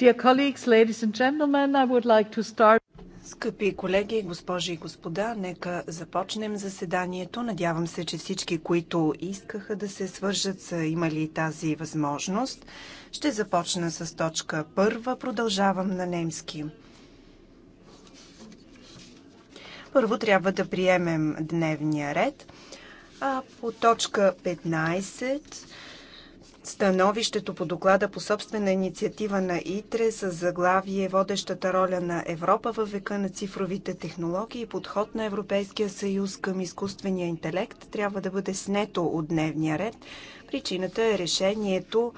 Dear colleagues, ladies and gentlemen, I would like to start Скъпи колеги, госпожи и господа, нека започнем заседанието. Надявам се, че всички, които искаха да се свържат, са имали тази възможност. Ще започна с точка първа. Продължавам на немски. Първо трябва да приемем дневния ред. А по точка 15 Становището по доклада по собствена инициатива на ИТРЕ с заглавие Водещата роля на Европа във века на цифровите технологии и подход на Европейския съюз към изкуствения интелект трябва да бъде снето от дневния ред. Причината е решението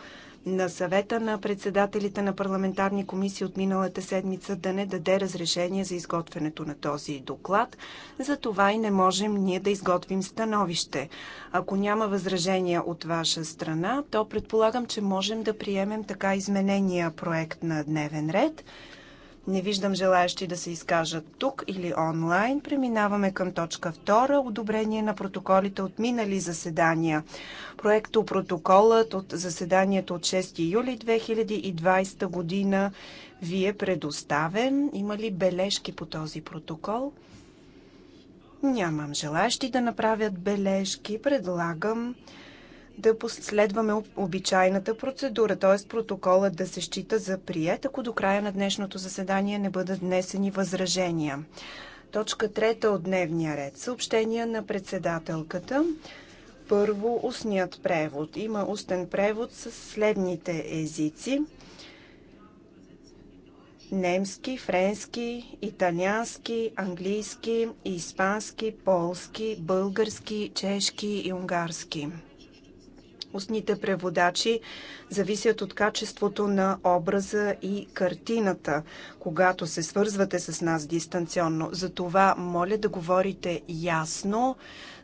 на съвета на председателите на парламентарни комисии от миналата седмица да не даде разрешение за изготвянето на този доклад. За това и не можем ние да изготвим становище. Ако няма възражения от ваша страна, то предполагам, че можем да приемем така изменения проект на дневен ред. Не виждам желаящи да се изкажат тук или онлайн. Преминаваме към точка 2. Одобрение на протоколите от минали заседания. Проекто протоколът от заседанието от 6 юли 2020 година ви е предоставен. Има ли бележки по този протокол? Нямам желаящи да направят бележки. Предлагам да последваме обичайната процедура, т.е. протоколът да се счита за прият, ако до края на днешното заседание не бъдат внесени възражения. Точка трета от дневния ред. съобщения на председателката. Първо устният превод. Има устен превод с следните езици. Немски, френски, италиански, английски, испански, полски, български, чешки и унгарски. Устните преводачи зависят от качеството на образа и картината, когато се свързвате с нас дистанционно. Затова моля да говорите ясно,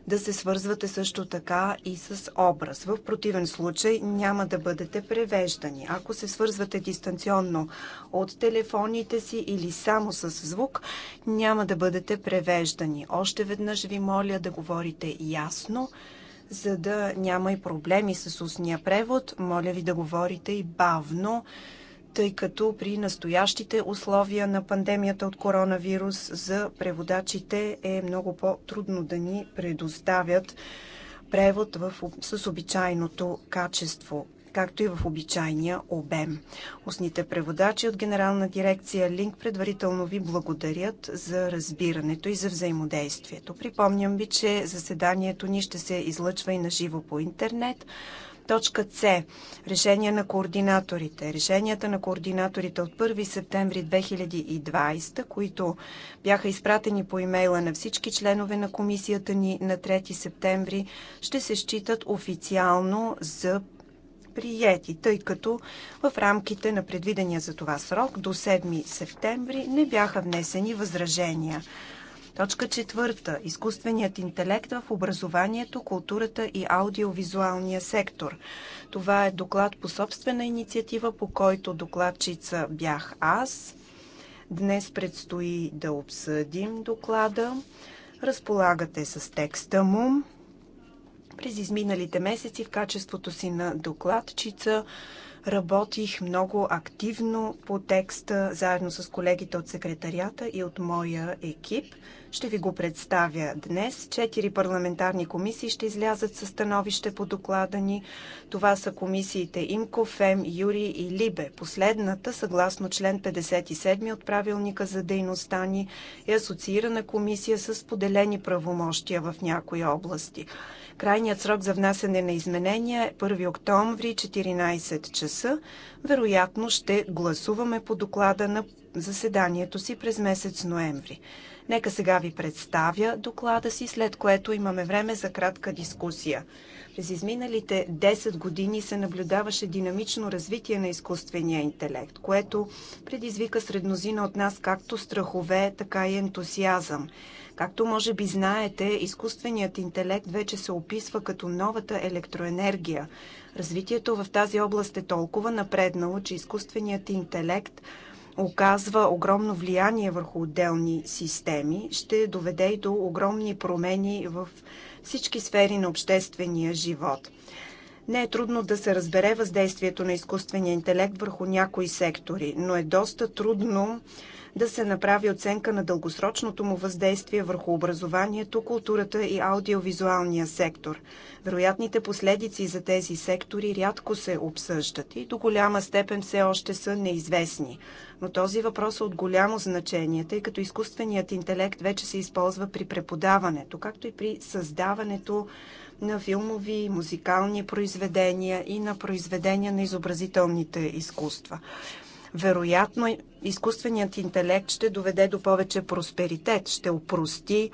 да се свързвате също така и с образ. В противен случай няма да бъдете превеждани. Ако се свързвате дистанционно от телефоните си или само с звук, няма да бъдете превеждани. Още веднъж ви моля да говорите ясно, за да няма и проблеми с устния превод, моля ви да говорите и бавно, тъй като при настоящите условия на пандемията от коронавирус за преводачите е много по-трудно да ни предоставят превод в, с обичайното качество както и в обичайния обем. Устните преводачи от Генерална дирекция Линк предварително ви благодарят за разбирането и за взаимодействието. Припомням ви, че заседанието ни ще се излъчва и на живо по интернет. Точка С. Решение на координаторите. Решенията на координаторите от 1 септември 2020, които бяха изпратени по имейла на всички членове на комисията ни на 3 септември, ще се считат официално за приети, тъй като в рамките на предвидения за това срок до 7 септември не бяха внесени възражения. Точка четвърта. Изкуственият интелект в образованието, културата и аудиовизуалния сектор. Това е доклад по собствена инициатива, по който докладчица бях аз. Днес предстои да обсъдим доклада. Разполагате с текста му. През изминалите месеци в качеството си на докладчица работих много активно по текста, заедно с колегите от секретарията и от моя екип. Ще ви го представя днес. Четири парламентарни комисии ще излязат със становище по доклада ни. Това са комисиите Имко, ФЕМ, Юри и Либе. Последната, съгласно член 57 от правилника за дейността ни, е асоциирана комисия с поделени правомощия в някои области. Крайният срок за внасене на изменения е 1 октомври, 14 часа. Вероятно ще гласуваме по доклада на заседанието си през месец ноември. Нека сега ви представя доклада си, след което имаме време за кратка дискусия. През изминалите 10 години се наблюдаваше динамично развитие на изкуствения интелект, което предизвика среднозина от нас както страхове, така и ентусиазъм. Както може би знаете, изкуственият интелект вече се описва като новата електроенергия. Развитието в тази област е толкова напреднало, че изкуственият интелект оказва огромно влияние върху отделни системи, ще доведе и до огромни промени в всички сфери на обществения живот. Не е трудно да се разбере въздействието на изкуствения интелект върху някои сектори, но е доста трудно да се направи оценка на дългосрочното му въздействие върху образованието, културата и аудиовизуалния сектор. Вероятните последици за тези сектори рядко се обсъждат и до голяма степен все още са неизвестни. Но този въпрос е от голямо значение, тъй като изкуственият интелект вече се използва при преподаването, както и при създаването на филмови, музикални произведения и на произведения на изобразителните изкуства. Вероятно, изкуственият интелект ще доведе до повече просперитет, ще упрости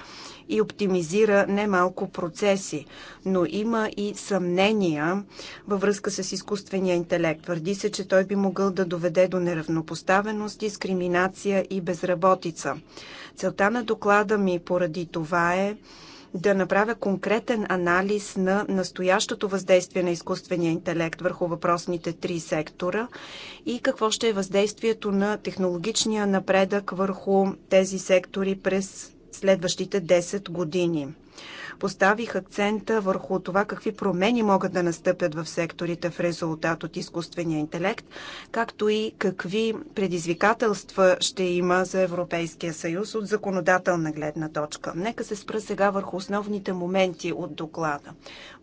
и оптимизира немалко процеси. Но има и съмнения във връзка с изкуствения интелект. Твърди се, че той би могъл да доведе до неравнопоставеност, дискриминация и безработица. Целта на доклада ми поради това е да направя конкретен анализ на настоящото въздействие на изкуствения интелект върху въпросните три сектора и какво ще е въздействието на технологичния напредък върху тези сектори през следващите 10 години. Поставих акцента върху това какви промени могат да настъпят в секторите в резултат от изкуствения интелект, както и какви предизвикателства ще има за Европейския съюз от законодателна гледна точка. Нека се спра сега върху основните моменти от доклада.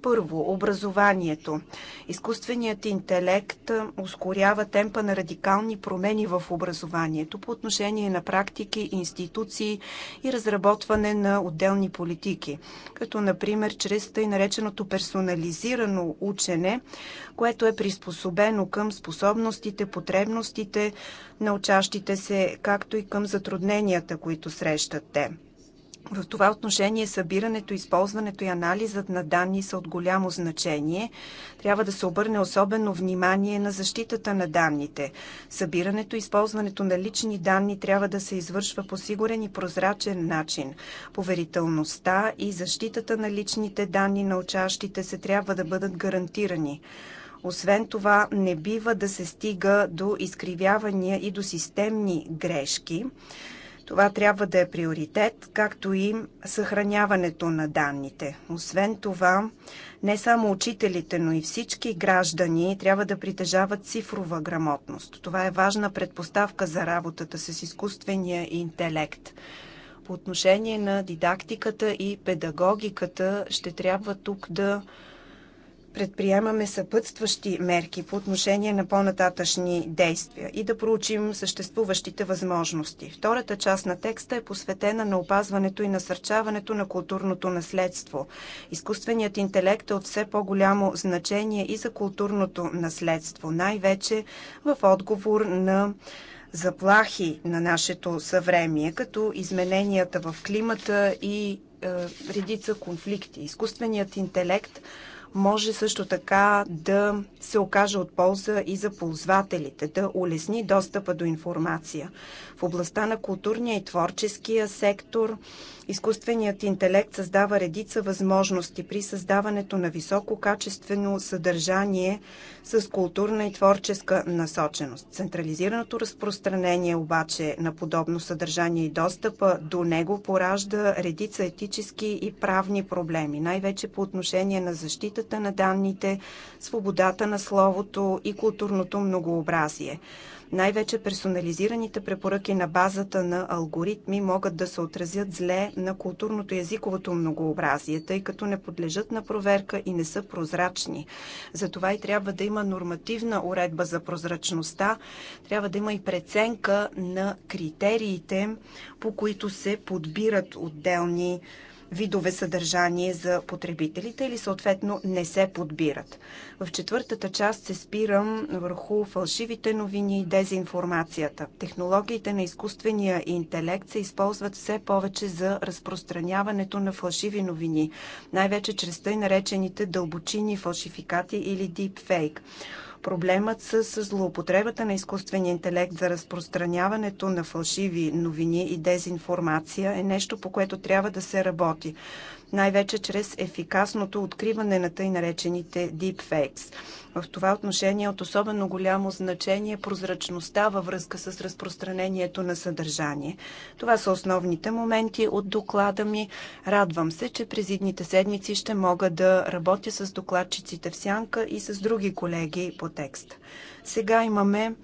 Първо, образованието. Изкуственият интелект ускорява темпа на радикални промени в образованието по отношение на практики, институции и разработване на отделни политики като например чрез тъй нареченото персонализирано учене, което е приспособено към способностите, потребностите на учащите се, както и към затрудненията, които срещат те. В това отношение събирането, използването и анализът на данни са от голямо значение. Трябва да се обърне особено внимание на защитата на данните. Събирането и използването на лични данни трябва да се извършва по сигурен и прозрачен начин. Поверителността и защитата на личните данни на учащите се трябва да бъдат гарантирани. Освен това, не бива да се стига до изкривявания и до системни грешки това трябва да е приоритет, както и съхраняването на данните. Освен това, не само учителите, но и всички граждани трябва да притежават цифрова грамотност. Това е важна предпоставка за работата с изкуствения интелект. По отношение на дидактиката и педагогиката ще трябва тук да предприемаме съпътстващи мерки по отношение на по-нататъчни действия и да проучим съществуващите възможности. Втората част на текста е посветена на опазването и насърчаването на културното наследство. Изкуственият интелект е от все по-голямо значение и за културното наследство, най-вече в отговор на заплахи на нашето съвремие, като измененията в климата и е, редица конфликти. Изкуственият интелект – може също така да се окаже от полза и за ползвателите, да улесни достъпа до информация. В областта на културния и творческия сектор Изкуственият интелект създава редица възможности при създаването на висококачествено съдържание с културна и творческа насоченост. Централизираното разпространение обаче на подобно съдържание и достъпа до него поражда редица етически и правни проблеми, най-вече по отношение на защитата на данните, свободата на словото и културното многообразие. Най-вече персонализираните препоръки на базата на алгоритми могат да се отразят зле на културното и езиковото многообразие, тъй като не подлежат на проверка и не са прозрачни. Затова и трябва да има нормативна уредба за прозрачността, трябва да има и преценка на критериите, по които се подбират отделни видове съдържание за потребителите или съответно не се подбират. В четвъртата част се спирам върху фалшивите новини и дезинформацията. Технологиите на изкуствения интелект се използват все повече за разпространяването на фалшиви новини, най-вече чрез тъй наречените дълбочини фалшификати или дипфейк. Проблемът с злоупотребата на изкуствения интелект за разпространяването на фалшиви новини и дезинформация е нещо, по което трябва да се работи най-вече чрез ефикасното откриване на тъй наречените deepfakes. В това отношение е от особено голямо значение прозрачността във връзка с разпространението на съдържание. Това са основните моменти от доклада ми. Радвам се, че през идните седмици ще мога да работя с докладчиците в Сянка и с други колеги по текст. Сега имаме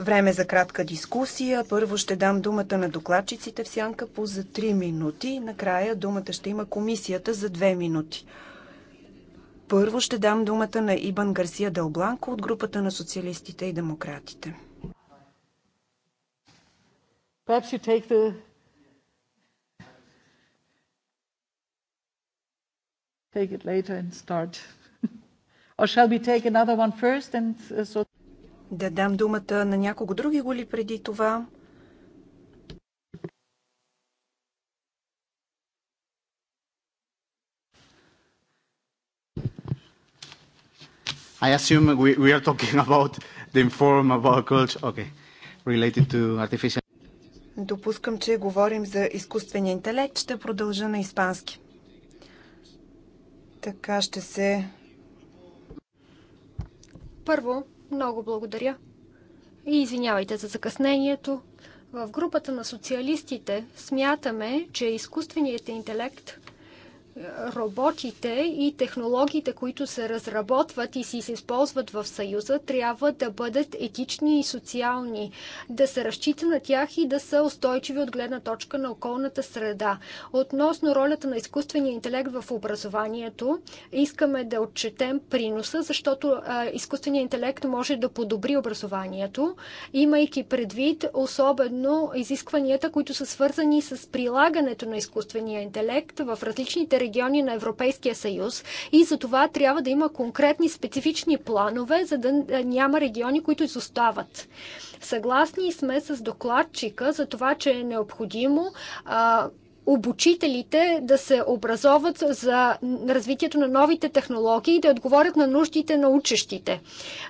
Време за кратка дискусия. Първо ще дам думата на докладчиците в сянка по за 3 минути. Накрая думата ще има комисията за 2 минути. Първо ще дам думата на Ибан Гарсия Дълбланко от групата на социалистите и демократите. take it later and start. Or shall we take another one first and uh, so да дам думата на някого други го ли преди това? I assume we, we are talking about the inform about culture. Okay. Related to artificial. Допускам, че говорим за изкуствения интелект. Ще продължа на испански. Така ще се. Първо, много благодаря. И извинявайте за закъснението. В групата на социалистите смятаме, че изкуственият интелект роботите и технологиите, които се разработват и си се използват в Съюза, трябва да бъдат етични и социални, да се разчита на тях и да са устойчиви от гледна точка на околната среда. Относно ролята на изкуствения интелект в образованието, искаме да отчетем приноса, защото изкуственият интелект може да подобри образованието, имайки предвид особено изискванията, които са свързани с прилагането на изкуствения интелект в различните региони региони на Европейския съюз и за това трябва да има конкретни специфични планове, за да няма региони, които изостават. Съгласни сме с докладчика за това, че е необходимо а, обучителите да се образоват за развитието на новите технологии и да отговорят на нуждите на учещите.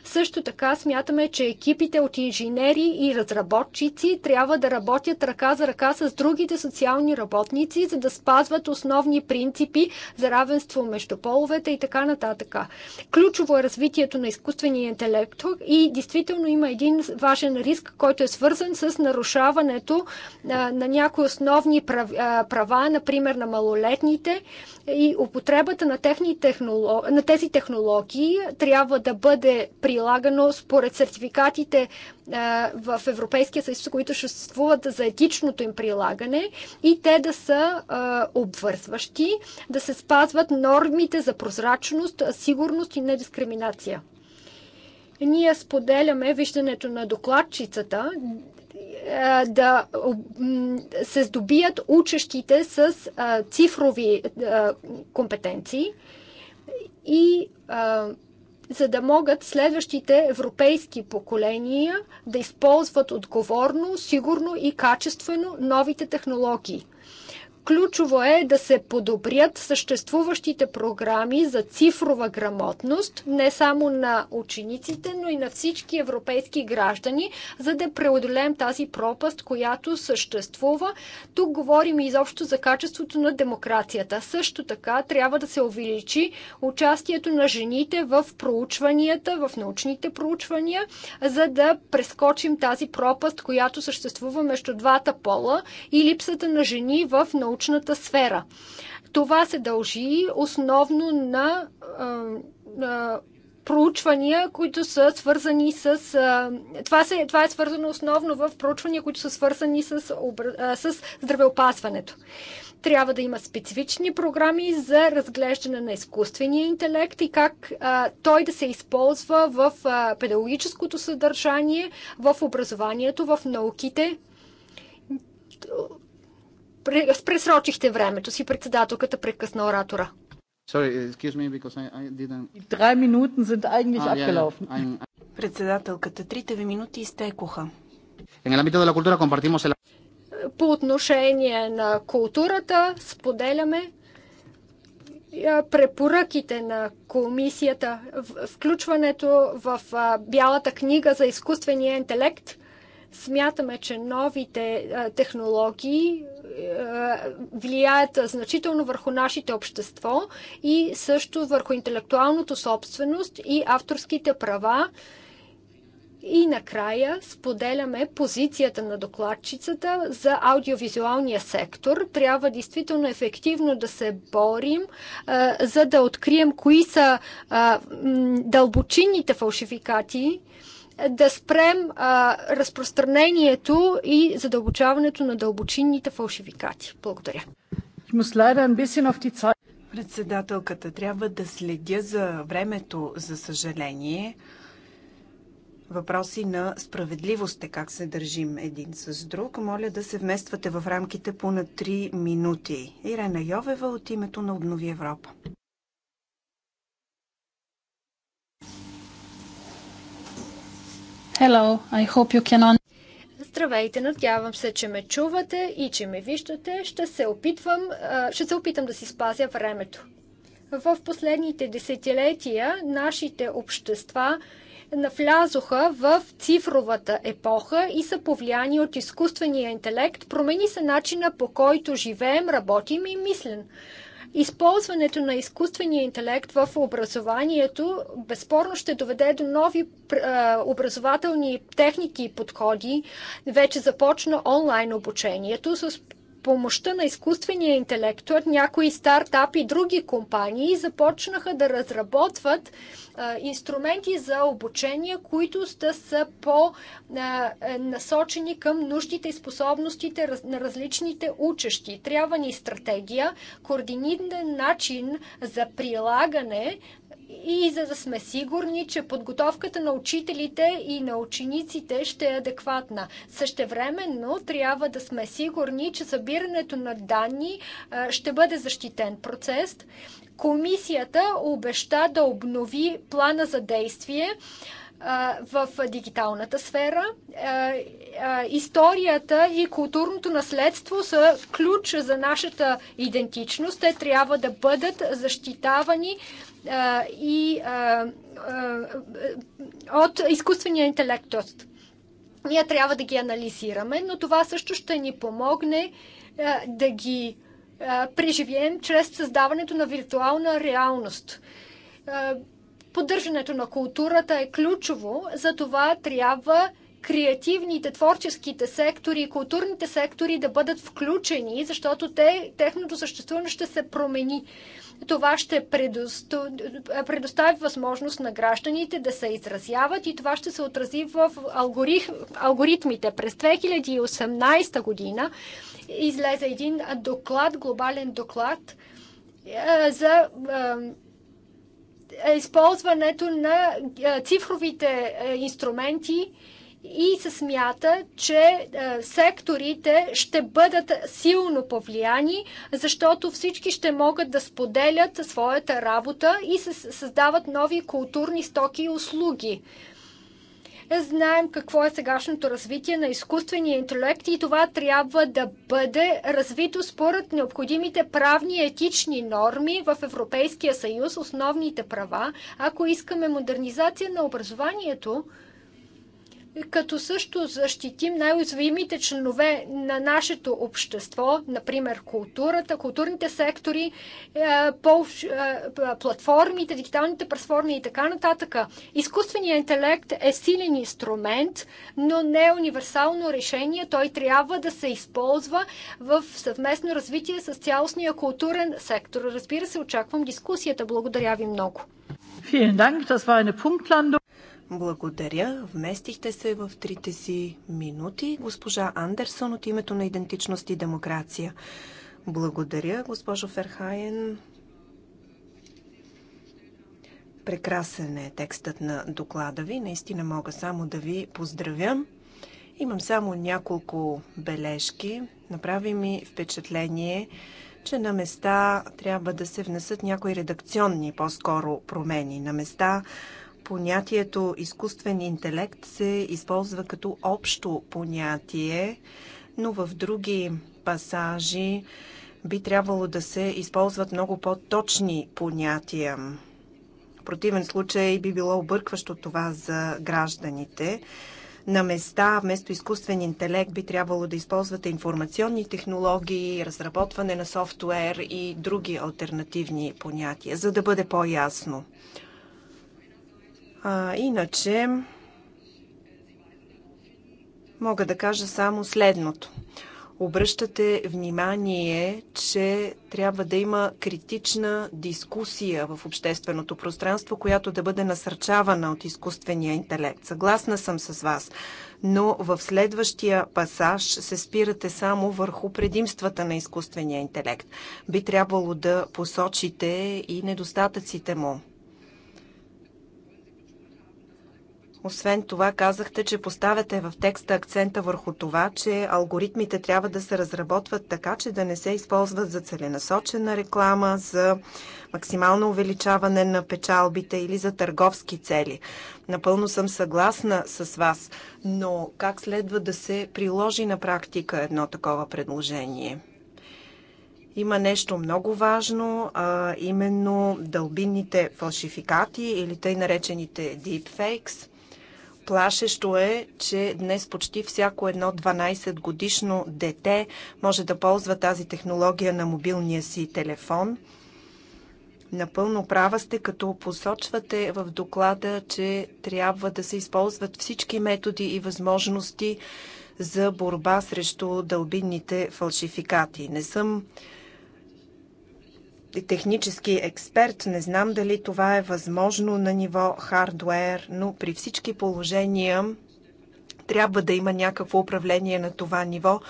Също така смятаме, че екипите от инженери и разработчици трябва да работят ръка за ръка с другите социални работници, за да спазват основни принципи за равенство между половете и така нататък. Ключово е развитието на изкуствения интелект и действително има един важен риск, който е свързан с нарушаването на някои основни прав права, например, на малолетните и употребата на, техни технолог... на тези технологии трябва да бъде прилагано според сертификатите е, в Европейския съюз, които съществуват за етичното им прилагане и те да са е, обвързващи, да се спазват нормите за прозрачност, сигурност и недискриминация ние споделяме виждането на докладчицата е, да се здобият учещите с е, цифрови е, компетенции и за да могат следващите европейски поколения да използват отговорно, сигурно и качествено новите технологии. Ключово е да се подобрят съществуващите програми за цифрова грамотност, не само на учениците, но и на всички европейски граждани, за да преодолеем тази пропаст, която съществува. Тук говорим изобщо за качеството на демокрацията. Също така трябва да се увеличи участието на жените в проучванията, в научните проучвания, за да прескочим тази пропаст, която съществува между двата пола и липсата на жени в научните научната сфера. Това се дължи основно на, на проучвания, които са свързани с... Това, се, това е свързано основно в проучвания, които са свързани с, с здравеопасването. Трябва да има специфични програми за разглеждане на изкуствения интелект и как а, той да се използва в а, педагогическото съдържание, в образованието, в науките пресрочихте времето си, председателката прекъсна оратора. Председателката, трите ви минути изтекоха. По отношение на културата, споделяме препоръките на комисията, включването в Бялата книга за изкуствения интелект. Смятаме, че новите технологии е, влияят значително върху нашите общество и също върху интелектуалното собственост и авторските права. И накрая споделяме позицията на докладчицата за аудиовизуалния сектор. Трябва действително ефективно да се борим, е, за да открием кои са е, дълбочинните фалшификати да спрем а, разпространението и задълбочаването на дълбочинните фалшификати. Благодаря. Председателката трябва да следя за времето, за съжаление. Въпроси на справедливост е как се държим един с друг. Моля да се вмествате в рамките по на 3 минути. Ирена Йовева от името на Обнови Европа. Hello, I hope you can on... Здравейте, надявам се, че ме чувате и че ме виждате. Ще се, опитвам, ще се опитам да си спазя времето. В последните десетилетия нашите общества навлязоха в цифровата епоха и са повлияни от изкуствения интелект. Промени се начина по който живеем, работим и мислим използването на изкуствения интелект в образованието безспорно ще доведе до нови образователни техники и подходи. Вече започна онлайн обучението с помощта на изкуствения интелект, някои стартапи и други компании започнаха да разработват а, инструменти за обучение, които да са по-насочени е, към нуждите и способностите на различните учещи. Трябва ни стратегия, координиран начин за прилагане и за да сме сигурни, че подготовката на учителите и на учениците ще е адекватна. Същевременно трябва да сме сигурни, че събирането на данни е, ще бъде защитен процес. Комисията обеща да обнови плана за действие е, в дигиталната сфера. Е, историята и културното наследство са ключ за нашата идентичност. Те трябва да бъдат защитавани и от изкуствения интелект. Ние трябва да ги анализираме, но това също ще ни помогне да ги преживеем чрез създаването на виртуална реалност. Поддържането на културата е ключово, за това трябва креативните, творческите сектори и културните сектори да бъдат включени, защото те, техното съществуване ще се промени. Това ще предосто... предостави възможност на гражданите да се изразяват и това ще се отрази в алгорих... алгоритмите. През 2018 година излезе един доклад, глобален доклад е, за е, е, използването на цифровите инструменти и се смята, че е, секторите ще бъдат силно повлияни, защото всички ще могат да споделят своята работа и се създават нови културни стоки и услуги знаем какво е сегашното развитие на изкуствения интелект и това трябва да бъде развито според необходимите правни и етични норми в Европейския съюз, основните права. Ако искаме модернизация на образованието, като също защитим най-уязвимите членове на нашето общество, например културата, културните сектори, е, е, платформите, дигиталните платформи и така нататък. Изкуственият интелект е силен инструмент, но не е универсално решение. Той трябва да се използва в съвместно развитие с цялостния културен сектор. Разбира се, очаквам дискусията. Благодаря ви много. Vielen Dank, das war eine Punktlandung. Благодаря. Вместихте се в трите си минути. Госпожа Андерсон от името на Идентичност и демокрация. Благодаря, госпожо Ферхайен. Прекрасен е текстът на доклада ви. Наистина мога само да ви поздравя. Имам само няколко бележки. Направи ми впечатление, че на места трябва да се внесат някои редакционни, по-скоро промени. На места понятието изкуствен интелект се използва като общо понятие, но в други пасажи би трябвало да се използват много по-точни понятия. В противен случай би било объркващо това за гражданите. На места, вместо изкуствен интелект, би трябвало да използвате информационни технологии, разработване на софтуер и други альтернативни понятия, за да бъде по-ясно. А, иначе мога да кажа само следното. Обръщате внимание, че трябва да има критична дискусия в общественото пространство, която да бъде насърчавана от изкуствения интелект. Съгласна съм с вас, но в следващия пасаж се спирате само върху предимствата на изкуствения интелект. Би трябвало да посочите и недостатъците му. Освен това, казахте, че поставяте в текста акцента върху това, че алгоритмите трябва да се разработват така, че да не се използват за целенасочена реклама, за максимално увеличаване на печалбите или за търговски цели. Напълно съм съгласна с вас, но как следва да се приложи на практика едно такова предложение? има нещо много важно, а именно дълбинните фалшификати или тъй наречените deepfakes. Плашещо е, че днес почти всяко едно 12 годишно дете може да ползва тази технология на мобилния си телефон. Напълно права сте, като посочвате в доклада, че трябва да се използват всички методи и възможности за борба срещу дълбинните фалшификати. Не съм технически експерт. Не знам дали това е възможно на ниво хардуер, но при всички положения трябва да има някакво управление на това ниво,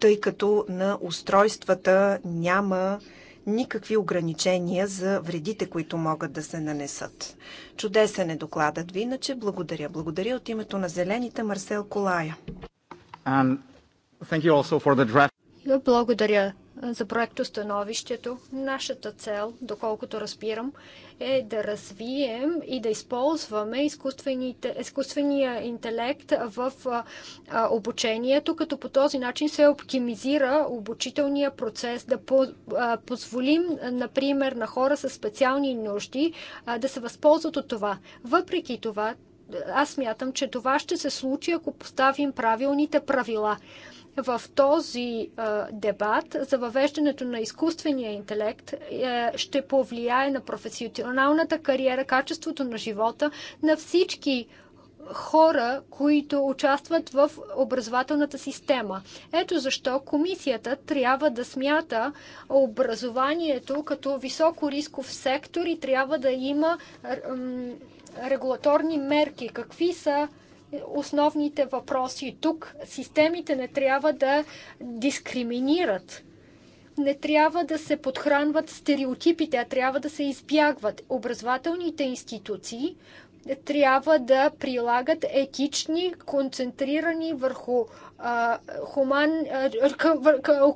тъй като на устройствата няма никакви ограничения за вредите, които могат да се нанесат. Чудесен е докладът ви, иначе благодаря. Благодаря от името на Зелените Марсел Колая. Благодаря за проектостановището. Нашата цел, доколкото разбирам, е да развием и да използваме изкуствения интелект в обучението, като по този начин се оптимизира обучителния процес, да позволим, например, на хора с специални нужди да се възползват от това. Въпреки това, аз мятам, че това ще се случи, ако поставим правилните правила в този дебат за въвеждането на изкуствения интелект е, ще повлияе на професионалната кариера, качеството на живота на всички хора, които участват в образователната система. Ето защо комисията трябва да смята образованието като високо рисков сектор и трябва да има регулаторни мерки. Какви са основните въпроси. Тук системите не трябва да дискриминират не трябва да се подхранват стереотипите, а трябва да се избягват. Образователните институции трябва да прилагат етични, концентрирани върху а, хуман, а, към, към,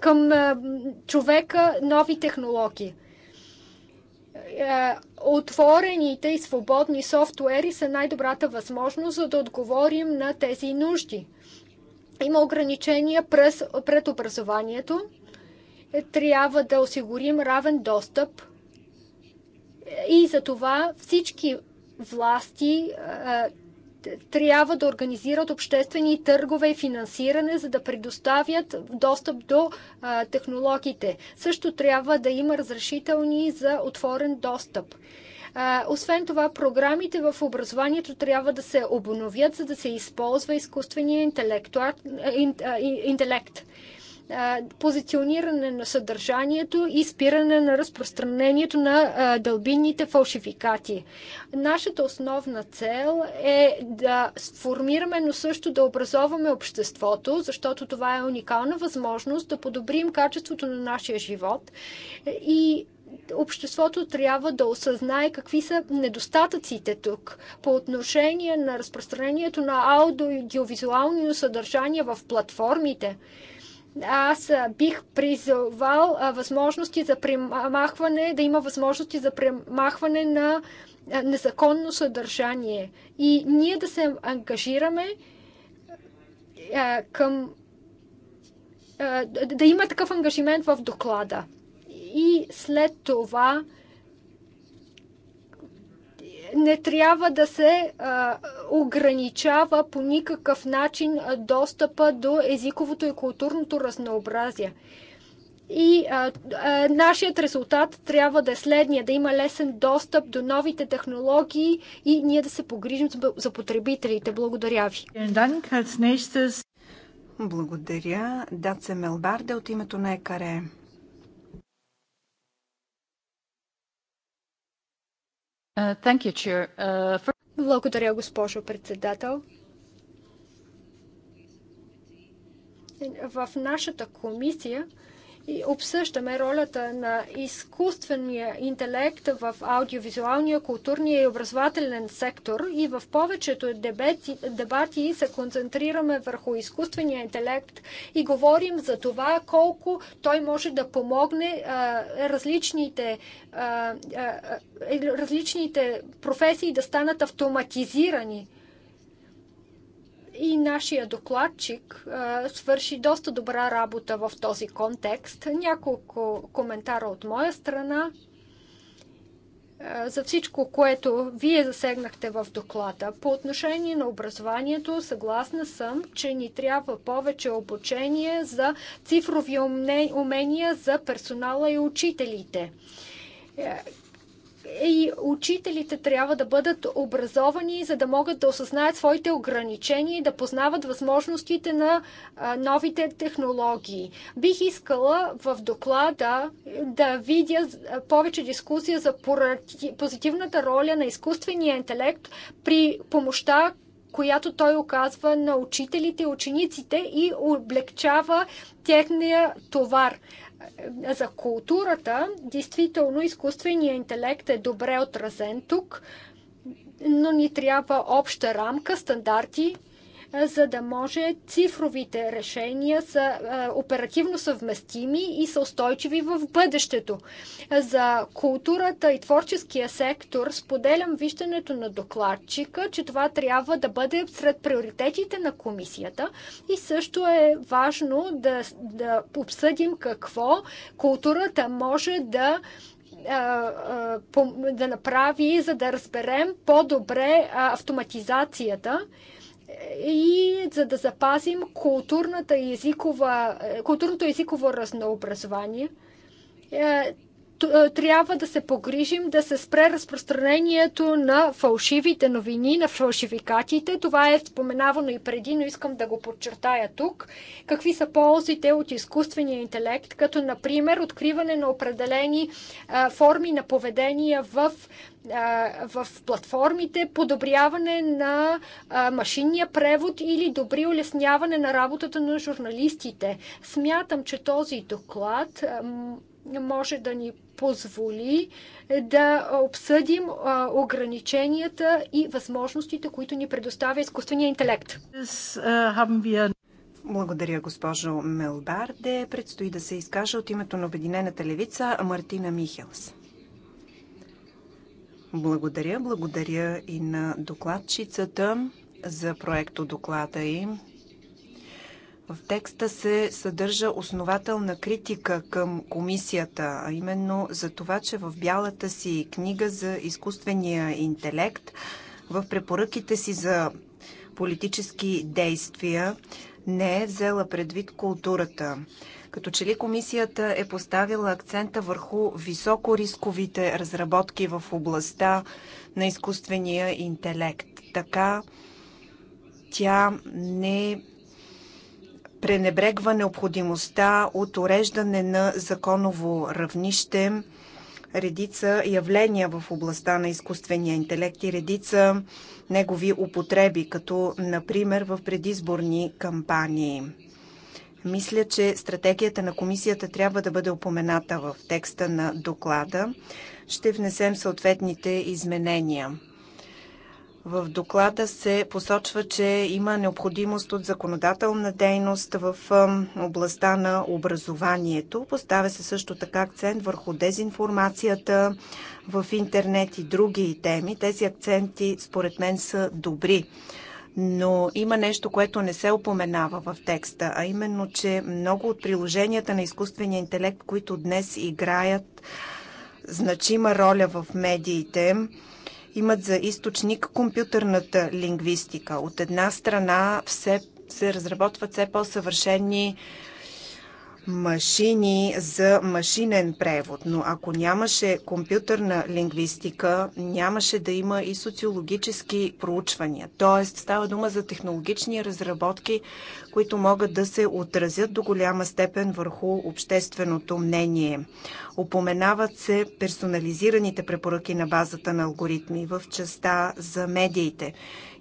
към а, човека нови технологии. Е, отворените и свободни софтуери са най-добрата възможност, за да отговорим на тези нужди. Има ограничения през, пред образованието. Е, трябва да осигурим равен достъп. Е, и за това всички власти трябва да организират обществени търгове и финансиране, за да предоставят достъп до а, технологиите. Също трябва да има разрешителни за отворен достъп. А, освен това, програмите в образованието трябва да се обновят, за да се използва изкуственият интелект позициониране на съдържанието и спиране на разпространението на дълбинните фалшификати. Нашата основна цел е да сформираме, но също да образоваме обществото, защото това е уникална възможност да подобрим качеството на нашия живот и обществото трябва да осъзнае какви са недостатъците тук по отношение на разпространението на аудиовизуално съдържание в платформите. Аз бих призовал възможности за премахване, да има възможности за премахване на незаконно съдържание. И ние да се ангажираме към да има такъв ангажимент в доклада. И след това не трябва да се а, ограничава по никакъв начин достъпа до езиковото и културното разнообразие. И а, а, нашият резултат трябва да е следния, да има лесен достъп до новите технологии и ние да се погрижим за потребителите. Благодаря ви. Благодаря. Даце Мелбарде от името на ЕКАРЕ. Uh, Благодаря, госпожо председател. В нашата комисия и обсъждаме ролята на изкуствения интелект в аудиовизуалния, културния и образователен сектор и в повечето дебати, дебати се концентрираме върху изкуствения интелект и говорим за това колко той може да помогне а, различните, а, а, различните професии да станат автоматизирани и нашия докладчик а, свърши доста добра работа в този контекст. Няколко коментара от моя страна за всичко, което вие засегнахте в доклада. По отношение на образованието, съгласна съм, че ни трябва повече обучение за цифрови умения за персонала и учителите е, и учителите трябва да бъдат образовани, за да могат да осъзнаят своите ограничения и да познават възможностите на новите технологии. Бих искала в доклада е, да видя повече дискусия за позитивната роля на изкуствения интелект при помощта, която той оказва на учителите и учениците и облегчава техния товар. Е, за културата, действително изкуственият интелект е добре отразен тук, но ни трябва обща рамка, стандарти, за да може цифровите решения са оперативно съвместими и са устойчиви в бъдещето. За културата и творческия сектор споделям виждането на докладчика, че това трябва да бъде сред приоритетите на комисията и също е важно да, да обсъдим какво културата може да да направи, за да разберем по-добре автоматизацията и за да запазим културната езикова, културното езиково разнообразование, е, е, трябва да се погрижим да се спре разпространението на фалшивите новини, на фалшификатите. Това е споменавано и преди, но искам да го подчертая тук. Какви са ползите от изкуствения интелект, като например откриване на определени форми на поведение в в платформите, подобряване на машинния превод или добри улесняване на работата на журналистите. Смятам, че този доклад може да ни позволи да обсъдим ограниченията и възможностите, които ни предоставя изкуствения интелект. Благодаря, госпожо Мелбарде. Предстои да се изкаже от името на Обединената левица Мартина Михелс. Благодаря. Благодаря и на докладчицата за проекто доклада им. В текста се съдържа основателна критика към комисията, а именно за това, че в бялата си книга за изкуствения интелект, в препоръките си за политически действия, не е взела предвид културата. Като че ли комисията е поставила акцента върху високорисковите разработки в областта на изкуствения интелект. Така тя не пренебрегва необходимостта от уреждане на законово равнище редица явления в областта на изкуствения интелект и редица негови употреби, като например в предизборни кампании. Мисля, че стратегията на комисията трябва да бъде упомената в текста на доклада. Ще внесем съответните изменения. В доклада се посочва, че има необходимост от законодателна дейност в областта на образованието. Поставя се също така акцент върху дезинформацията в интернет и други теми. Тези акценти, според мен, са добри но има нещо, което не се упоменава в текста, а именно, че много от приложенията на изкуствения интелект, които днес играят значима роля в медиите, имат за източник компютърната лингвистика. От една страна все се разработват все по-съвършени машини за машинен превод, но ако нямаше компютърна лингвистика, нямаше да има и социологически проучвания. Тоест става дума за технологични разработки, които могат да се отразят до голяма степен върху общественото мнение. Опоменават се персонализираните препоръки на базата на алгоритми в частта за медиите.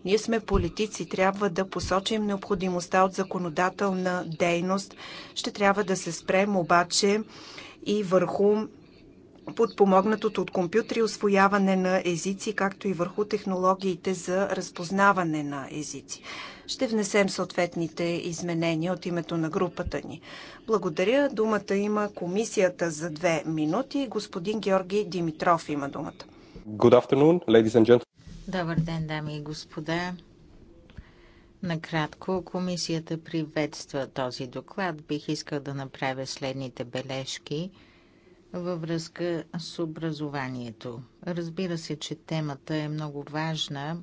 Ние сме политици, трябва да посочим необходимостта от законодателна дейност. Ще трябва да се спрем обаче и върху подпомогнатото от компютри освояване на езици, както и върху технологиите за разпознаване на езици. Ще внесем съответните изменения от името на групата ни. Благодаря. Думата има комисията за две минути. Господин Георги Димитров има думата. Good afternoon, ladies and gentlemen. Добър ден, дами и господа. Накратко, комисията приветства този доклад. Бих искал да направя следните бележки във връзка с образованието. Разбира се, че темата е много важна.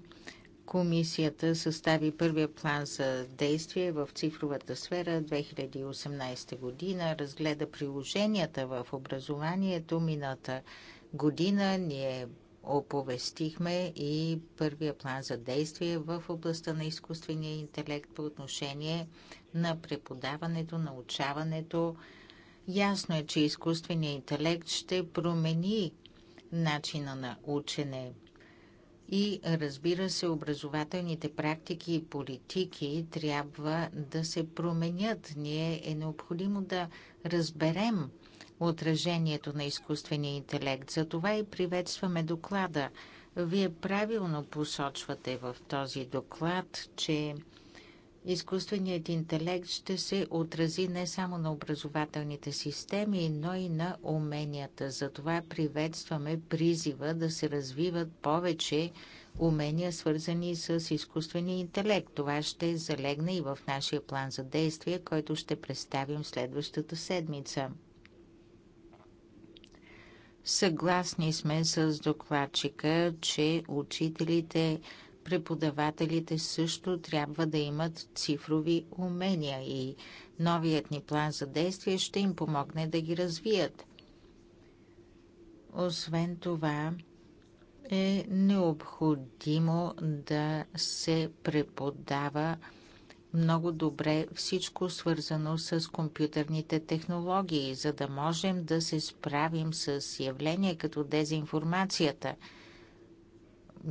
Комисията състави първия план за действие в цифровата сфера 2018 година, разгледа приложенията в образованието мината година. Ние оповестихме и първия план за действие в областта на изкуствения интелект по отношение на преподаването, научаването. Ясно е, че изкуственият интелект ще промени начина на учене и разбира се, образователните практики и политики трябва да се променят. Ние е необходимо да разберем отражението на изкуствения интелект. Затова и приветстваме доклада. Вие правилно посочвате в този доклад, че изкуственият интелект ще се отрази не само на образователните системи, но и на уменията. Затова приветстваме призива да се развиват повече умения, свързани с изкуствения интелект. Това ще залегне и в нашия план за действие, който ще представим следващата седмица. Съгласни сме с докладчика, че учителите, преподавателите също трябва да имат цифрови умения и новият ни план за действие ще им помогне да ги развият. Освен това, е необходимо да се преподава много добре всичко свързано с компютърните технологии, за да можем да се справим с явление като дезинформацията.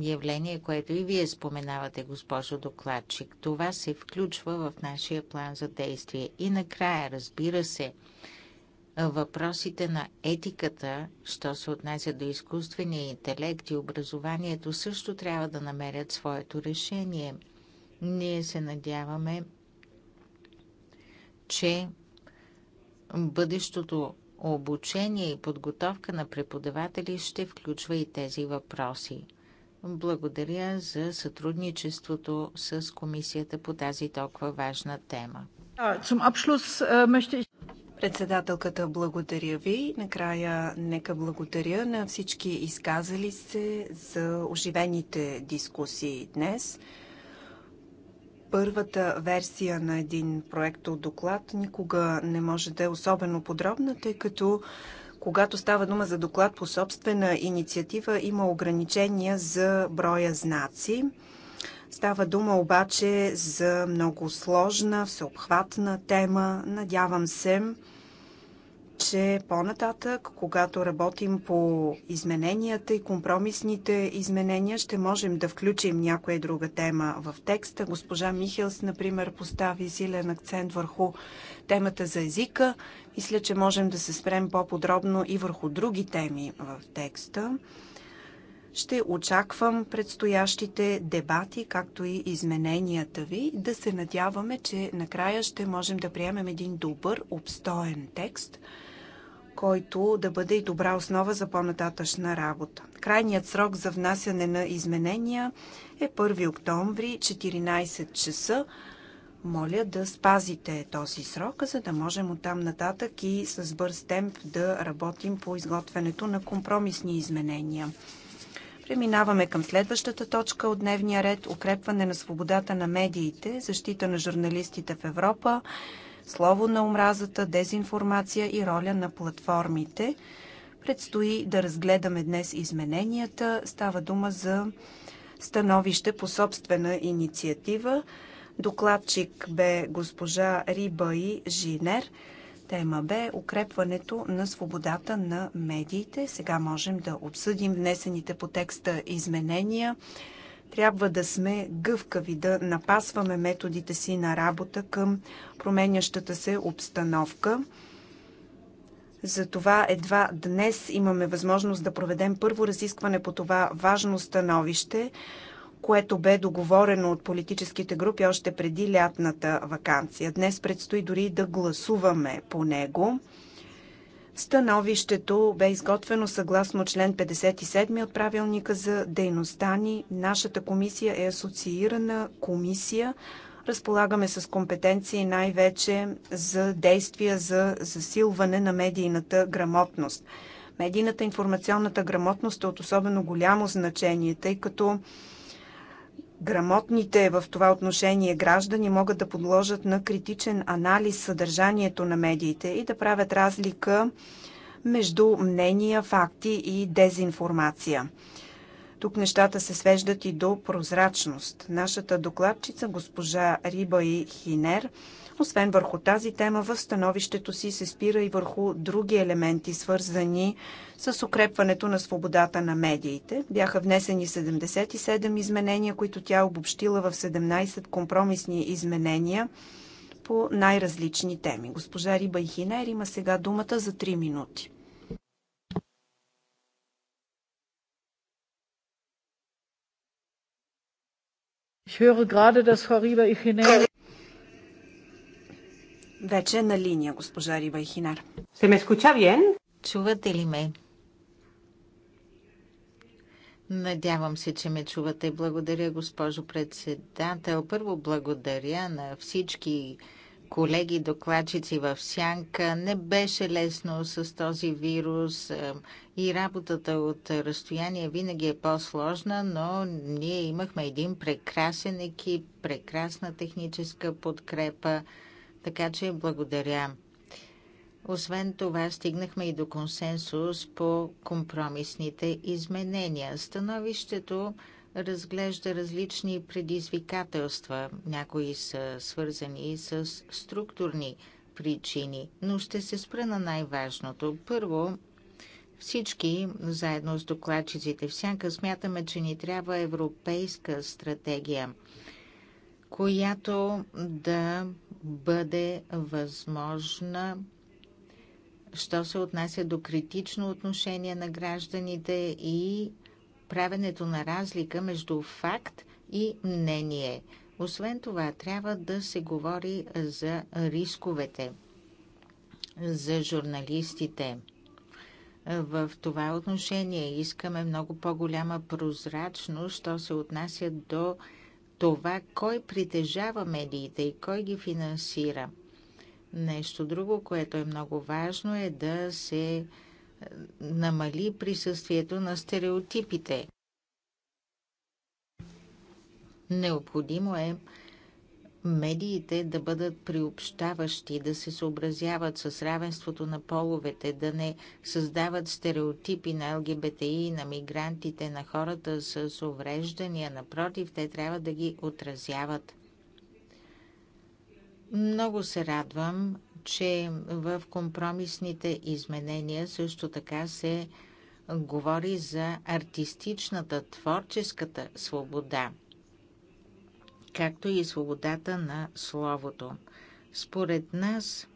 Явление, което и вие споменавате, госпожо докладчик. Това се включва в нашия план за действие. И накрая, разбира се, въпросите на етиката, що се отнася до изкуствения интелект и образованието, също трябва да намерят своето решение – ние се надяваме, че бъдещото обучение и подготовка на преподаватели ще включва и тези въпроси. Благодаря за сътрудничеството с комисията по тази толкова важна тема. Е, Председателката, благодаря ви. Накрая нека благодаря на всички изказали се за оживените дискусии днес. Първата версия на един проект от доклад никога не може да е особено подробна, тъй като когато става дума за доклад по собствена инициатива, има ограничения за броя знаци. Става дума обаче за много сложна, всеобхватна тема. Надявам се, че по-нататък, когато работим по измененията и компромисните изменения, ще можем да включим някоя друга тема в текста. Госпожа Михелс, например, постави силен акцент върху темата за езика. Мисля, че можем да се спрем по-подробно и върху други теми в текста. Ще очаквам предстоящите дебати, както и измененията ви, да се надяваме, че накрая ще можем да приемем един добър, обстоен текст – който да бъде и добра основа за по-нататъчна работа. Крайният срок за внасяне на изменения е 1 октомври, 14 часа. Моля да спазите този срок, за да можем оттам нататък и с бърз темп да работим по изготвянето на компромисни изменения. Преминаваме към следващата точка от дневния ред – укрепване на свободата на медиите, защита на журналистите в Европа, слово на омразата, дезинформация и роля на платформите. Предстои да разгледаме днес измененията. Става дума за становище по собствена инициатива. Докладчик бе госпожа Рибаи Жинер. Тема бе укрепването на свободата на медиите. Сега можем да обсъдим внесените по текста изменения. Трябва да сме гъвкави, да напасваме методите си на работа към променящата се обстановка. Затова едва днес имаме възможност да проведем първо разискване по това важно становище, което бе договорено от политическите групи още преди лятната вакансия. Днес предстои дори да гласуваме по него. Становището бе изготвено съгласно член 57 от правилника за дейността ни. Нашата комисия е асоциирана комисия. Разполагаме с компетенции най-вече за действия за засилване на медийната грамотност. Медийната информационната грамотност е от особено голямо значение, тъй като Грамотните в това отношение граждани могат да подложат на критичен анализ съдържанието на медиите и да правят разлика между мнения, факти и дезинформация. Тук нещата се свеждат и до прозрачност. Нашата докладчица, госпожа Риба и Хинер, освен върху тази тема, в становището си се спира и върху други елементи, свързани с укрепването на свободата на медиите. Бяха внесени 77 изменения, които тя обобщила в 17 компромисни изменения по най-различни теми. Госпожа Риба Ихинер има сега думата за 3 минути. Ich höre gerade, dass Frau rieber ichiner вече е на линия, госпожа Риба и Хинар. Се ме скуча bien? Чувате ли ме? Надявам се, че ме чувате. Благодаря, госпожо председател. Първо благодаря на всички колеги, докладчици в Сянка. Не беше лесно с този вирус е, и работата от разстояние винаги е по-сложна, но ние имахме един прекрасен екип, прекрасна техническа подкрепа. Така че благодаря. Освен това, стигнахме и до консенсус по компромисните изменения. Становището разглежда различни предизвикателства. Някои са свързани с структурни причини, но ще се спра на най-важното. Първо, всички, заедно с докладчиците всяка, смятаме, че ни трябва европейска стратегия, която да бъде възможна, що се отнася до критично отношение на гражданите и правенето на разлика между факт и мнение. Освен това, трябва да се говори за рисковете за журналистите. В това отношение искаме много по-голяма прозрачност, що се отнася до това кой притежава медиите и кой ги финансира. Нещо друго, което е много важно е да се е, намали присъствието на стереотипите. Необходимо е медиите да бъдат приобщаващи, да се съобразяват с равенството на половете, да не създават стереотипи на ЛГБТИ, на мигрантите, на хората с увреждания. Напротив, те трябва да ги отразяват. Много се радвам, че в компромисните изменения също така се говори за артистичната, творческата свобода – както и свободата на словото. Според нас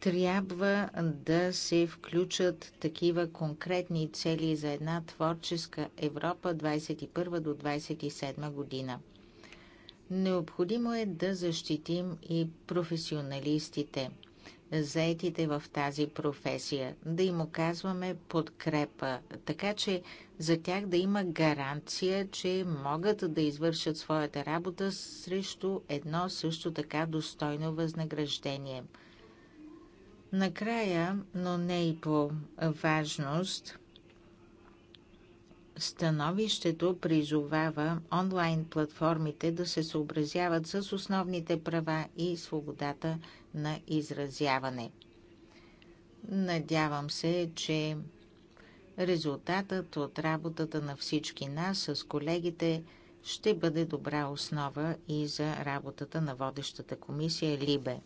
трябва да се включат такива конкретни цели за една творческа Европа 21 до 27 година. Необходимо е да защитим и професионалистите – заетите в тази професия, да им оказваме подкрепа, така че за тях да има гаранция, че могат да извършат своята работа срещу едно също така достойно възнаграждение. Накрая, но не и по важност, Становището призовава онлайн платформите да се съобразяват с основните права и свободата на изразяване. Надявам се, че резултатът от работата на всички нас с колегите ще бъде добра основа и за работата на водещата комисия Либе.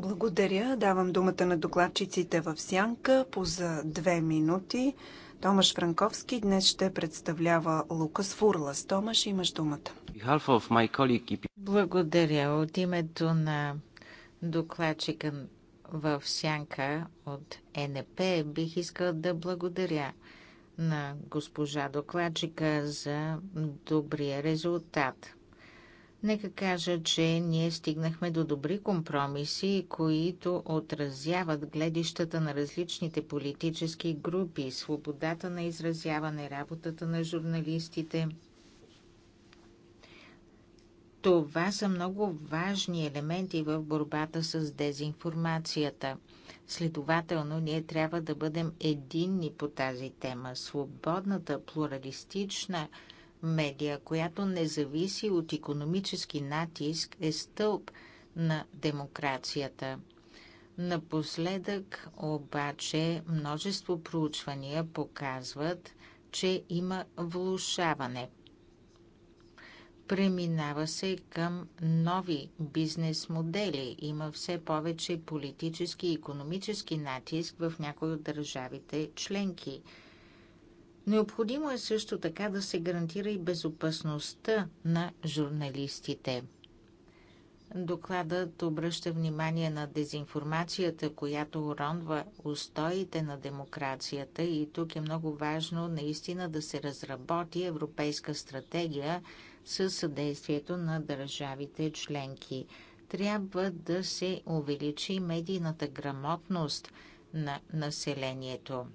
Благодаря. Давам думата на докладчиците в Сянка по за две минути. Томаш Франковски днес ще представлява Лукас Фурлас. Томаш, имаш думата. Благодаря. От името на докладчика в Сянка от НП бих искал да благодаря на госпожа докладчика за добрия резултат. Нека кажа, че ние стигнахме до добри компромиси, които отразяват гледищата на различните политически групи, свободата на изразяване, работата на журналистите. Това са много важни елементи в борбата с дезинформацията. Следователно, ние трябва да бъдем единни по тази тема. Свободната, плуралистична медия, която не зависи от економически натиск, е стълб на демокрацията. Напоследък обаче множество проучвания показват, че има влушаване. Преминава се към нови бизнес модели. Има все повече политически и економически натиск в някои от държавите членки – Необходимо е също така да се гарантира и безопасността на журналистите. Докладът обръща внимание на дезинформацията, която уронва устоите на демокрацията и тук е много важно наистина да се разработи европейска стратегия със съдействието на държавите членки. Трябва да се увеличи медийната грамотност на населението.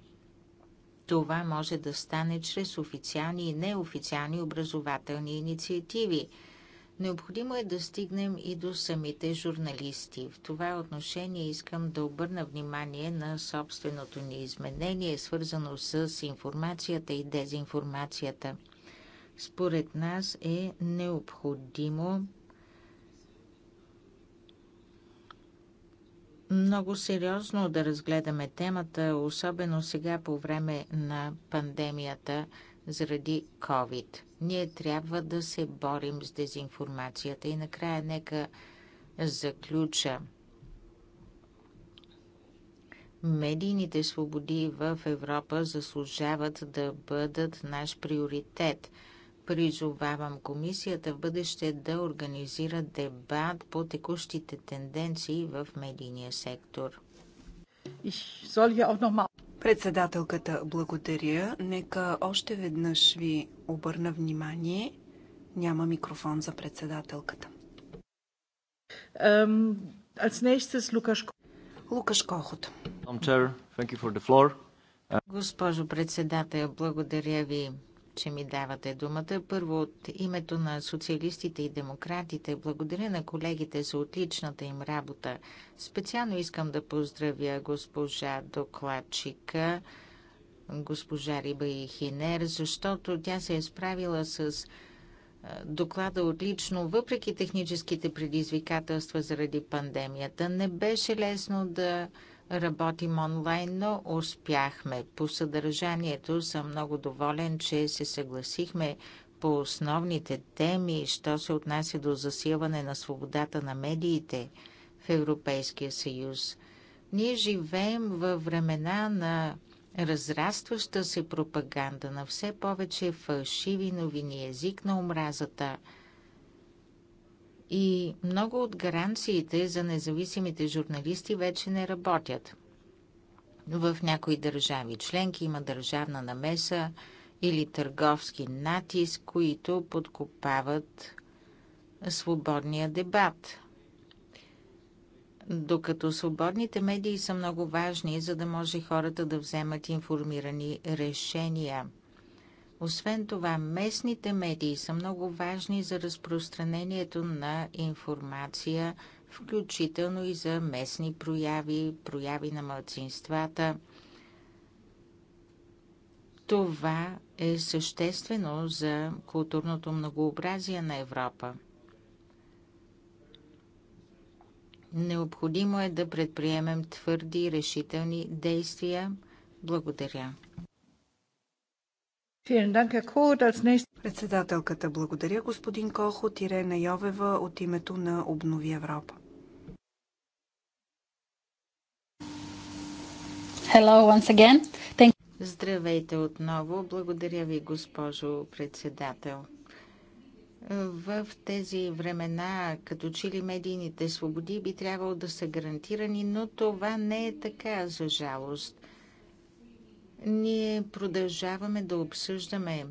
Това може да стане чрез официални и неофициални образователни инициативи. Необходимо е да стигнем и до самите журналисти. В това отношение искам да обърна внимание на собственото ни изменение, свързано с информацията и дезинформацията. Според нас е необходимо много сериозно да разгледаме темата, особено сега по време на пандемията заради COVID. Ние трябва да се борим с дезинформацията и накрая нека заключа. Медийните свободи в Европа заслужават да бъдат наш приоритет – Призовавам комисията в бъдеще да организира дебат по текущите тенденции в медийния сектор. Председателката благодаря. Нека още веднъж ви обърна внимание. Няма микрофон за председателката. Лукаш Кохот. Госпожо председател, благодаря ви че ми давате думата. Първо от името на социалистите и демократите благодаря на колегите за отличната им работа. Специално искам да поздравя госпожа докладчика, госпожа Риба и Хинер, защото тя се е справила с доклада отлично, въпреки техническите предизвикателства заради пандемията. Не беше лесно да Работим онлайн, но успяхме. По съдържанието съм много доволен, че се съгласихме по основните теми, що се отнася до засилване на свободата на медиите в Европейския съюз. Ние живеем във времена на разрастваща се пропаганда, на все повече фалшиви новини, език на омразата – и много от гаранциите за независимите журналисти вече не работят. В някои държави членки има държавна намеса или търговски натиск, които подкопават свободния дебат. Докато свободните медии са много важни, за да може хората да вземат информирани решения – освен това, местните медии са много важни за разпространението на информация, включително и за местни прояви, прояви на младсинствата. Това е съществено за културното многообразие на Европа. Необходимо е да предприемем твърди решителни действия. Благодаря. Председателката благодаря господин Кохо Тирена Йовева от името на Обнови Европа. Hello once again. Thank... Здравейте отново. Благодаря ви, госпожо председател. В тези времена, като че ли медийните свободи би трябвало да са гарантирани, но това не е така, за жалост. Ние продължаваме да обсъждаме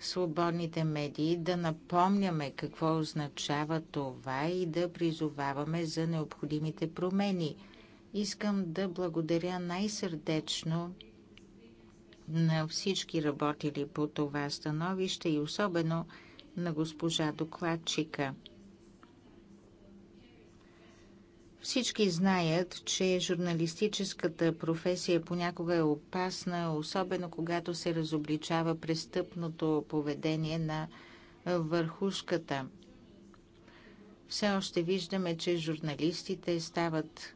свободните медии, да напомняме какво означава това и да призоваваме за необходимите промени. Искам да благодаря най-сърдечно на всички работили по това становище и особено на госпожа докладчика – Всички знаят, че журналистическата професия понякога е опасна, особено когато се разобличава престъпното поведение на върхушката. Все още виждаме, че журналистите стават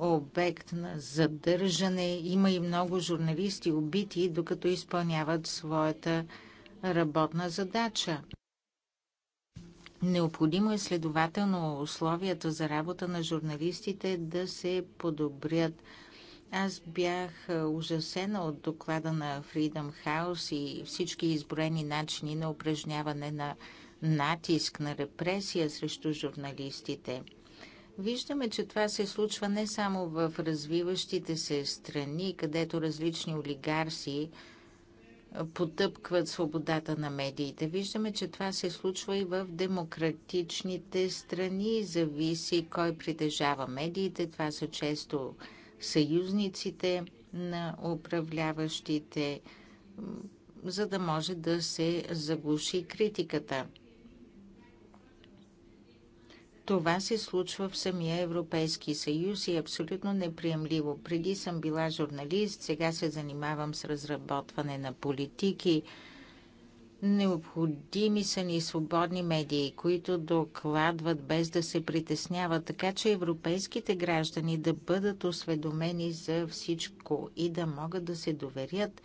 обект на задържане. Има и много журналисти убити, докато изпълняват своята работна задача. Необходимо е следователно условията за работа на журналистите да се подобрят. Аз бях ужасена от доклада на Freedom House и всички изброени начини на упражняване на натиск, на репресия срещу журналистите. Виждаме, че това се случва не само в развиващите се страни, където различни олигарси потъпкват свободата на медиите. Виждаме, че това се случва и в демократичните страни. Зависи кой притежава медиите. Това са често съюзниците на управляващите, за да може да се заглуши критиката. Това се случва в самия Европейски съюз и е абсолютно неприемливо. Преди съм била журналист, сега се занимавам с разработване на политики. Необходими са ни свободни медии, които докладват без да се притесняват, така че европейските граждани да бъдат осведомени за всичко и да могат да се доверят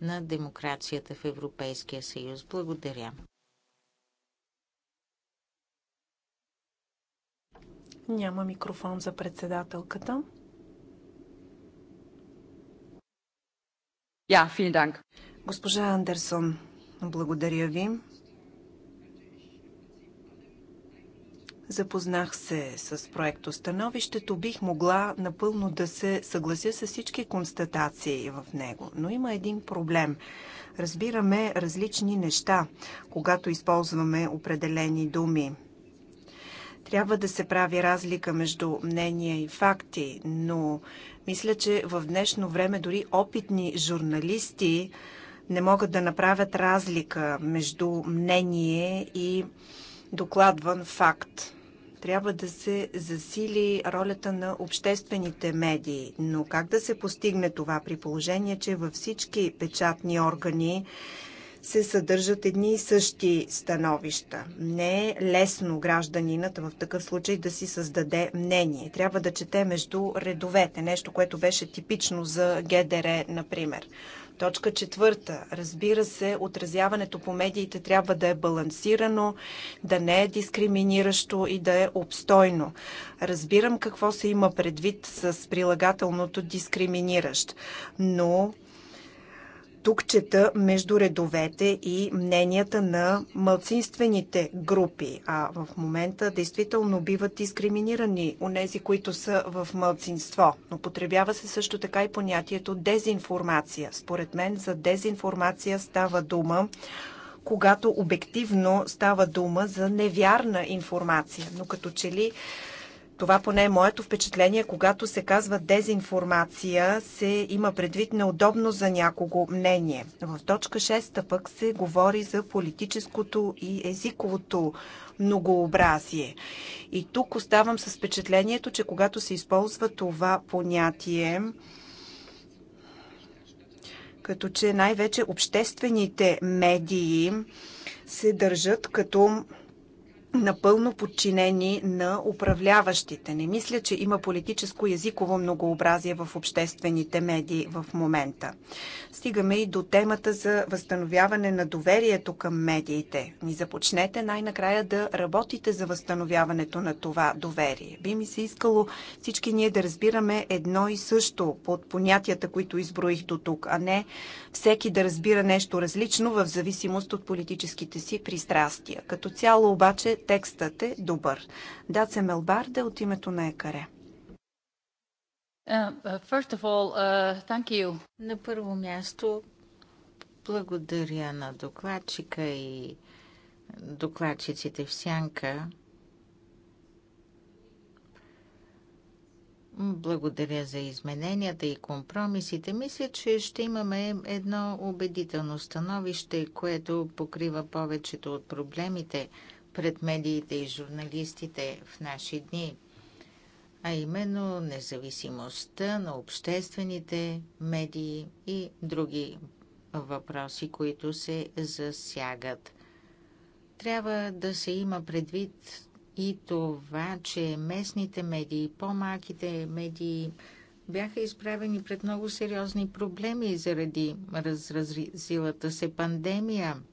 на демокрацията в Европейския съюз. Благодаря. Няма микрофон за председателката. Ja, yeah, vielen Dank. Госпожа Андерсон, благодаря ви. Запознах се с Становището. Бих могла напълно да се съглася с всички констатации в него. Но има един проблем. Разбираме различни неща, когато използваме определени думи. Трябва да се прави разлика между мнения и факти, но мисля, че в днешно време дори опитни журналисти не могат да направят разлика между мнение и докладван факт. Трябва да се засили ролята на обществените медии, но как да се постигне това при положение, че във всички печатни органи се съдържат едни и същи становища. Не е лесно гражданинът в такъв случай да си създаде мнение. Трябва да чете между редовете, нещо, което беше типично за ГДР, например. Точка четвърта. Разбира се, отразяването по медиите трябва да е балансирано, да не е дискриминиращо и да е обстойно. Разбирам какво се има предвид с прилагателното дискриминиращ, но тук чета между редовете и мненията на мълцинствените групи, а в момента действително биват дискриминирани нези, които са в мълцинство. Но потребява се също така и понятието дезинформация. Според мен за дезинформация става дума когато обективно става дума за невярна информация. Но като че ли това поне е моето впечатление, когато се казва дезинформация, се има предвид неудобно за някого мнение. В точка 6 пък се говори за политическото и езиковото многообразие. И тук оставам с впечатлението, че когато се използва това понятие, като че най-вече обществените медии се държат като напълно подчинени на управляващите. Не мисля, че има политическо язиково многообразие в обществените медии в момента. Стигаме и до темата за възстановяване на доверието към медиите. Ни започнете най-накрая да работите за възстановяването на това доверие. Би ми се искало всички ние да разбираме едно и също под понятията, които изброих до тук, а не всеки да разбира нещо различно в зависимост от политическите си пристрастия. Като цяло обаче Текстът е добър. Даце Мелбарде от името на Екаре. Е, е, е, на първо място, благодаря на докладчика и докладчиците в сянка. Благодаря за измененията и компромисите. Мисля, че ще имаме едно убедително становище, което покрива повечето от проблемите – пред медиите и журналистите в наши дни, а именно независимостта на обществените медии и други въпроси, които се засягат. Трябва да се има предвид и това, че местните медии, по-малките медии бяха изправени пред много сериозни проблеми заради разразилата се пандемия –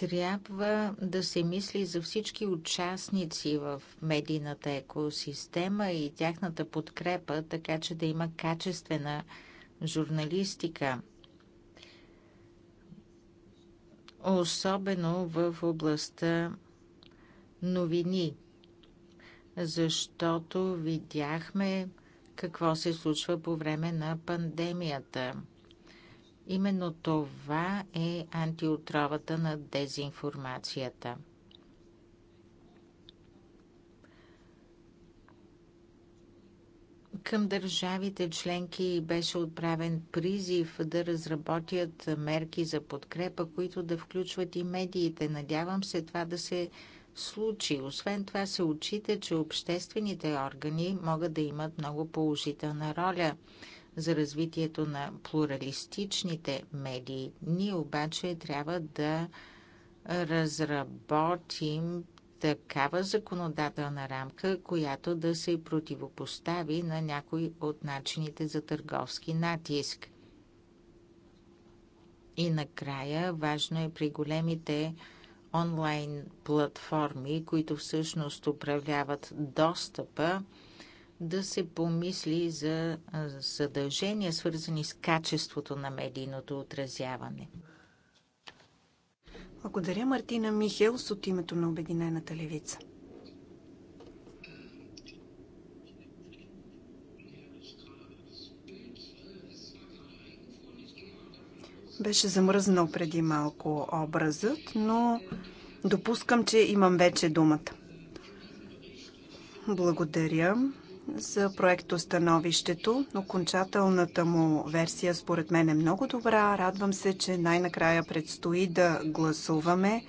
трябва да се мисли за всички участници в медийната екосистема и тяхната подкрепа, така че да има качествена журналистика. Особено в областта новини, защото видяхме какво се случва по време на пандемията. Именно това е антиотровата на дезинформацията. Към държавите членки беше отправен призив да разработят мерки за подкрепа, които да включват и медиите. Надявам се това да се случи. Освен това се отчита, че обществените органи могат да имат много положителна роля – за развитието на плуралистичните медии. Ние обаче трябва да разработим такава законодателна рамка, която да се противопостави на някой от начините за търговски натиск. И накрая важно е при големите онлайн платформи, които всъщност управляват достъпа, да се помисли за задължения, свързани с качеството на медийното отразяване. Благодаря Мартина Михелс от името на Обединената левица. Беше замръзнал преди малко образът, но допускам, че имам вече думата. Благодаря за проектостановището. Окончателната му версия според мен е много добра. Радвам се, че най-накрая предстои да гласуваме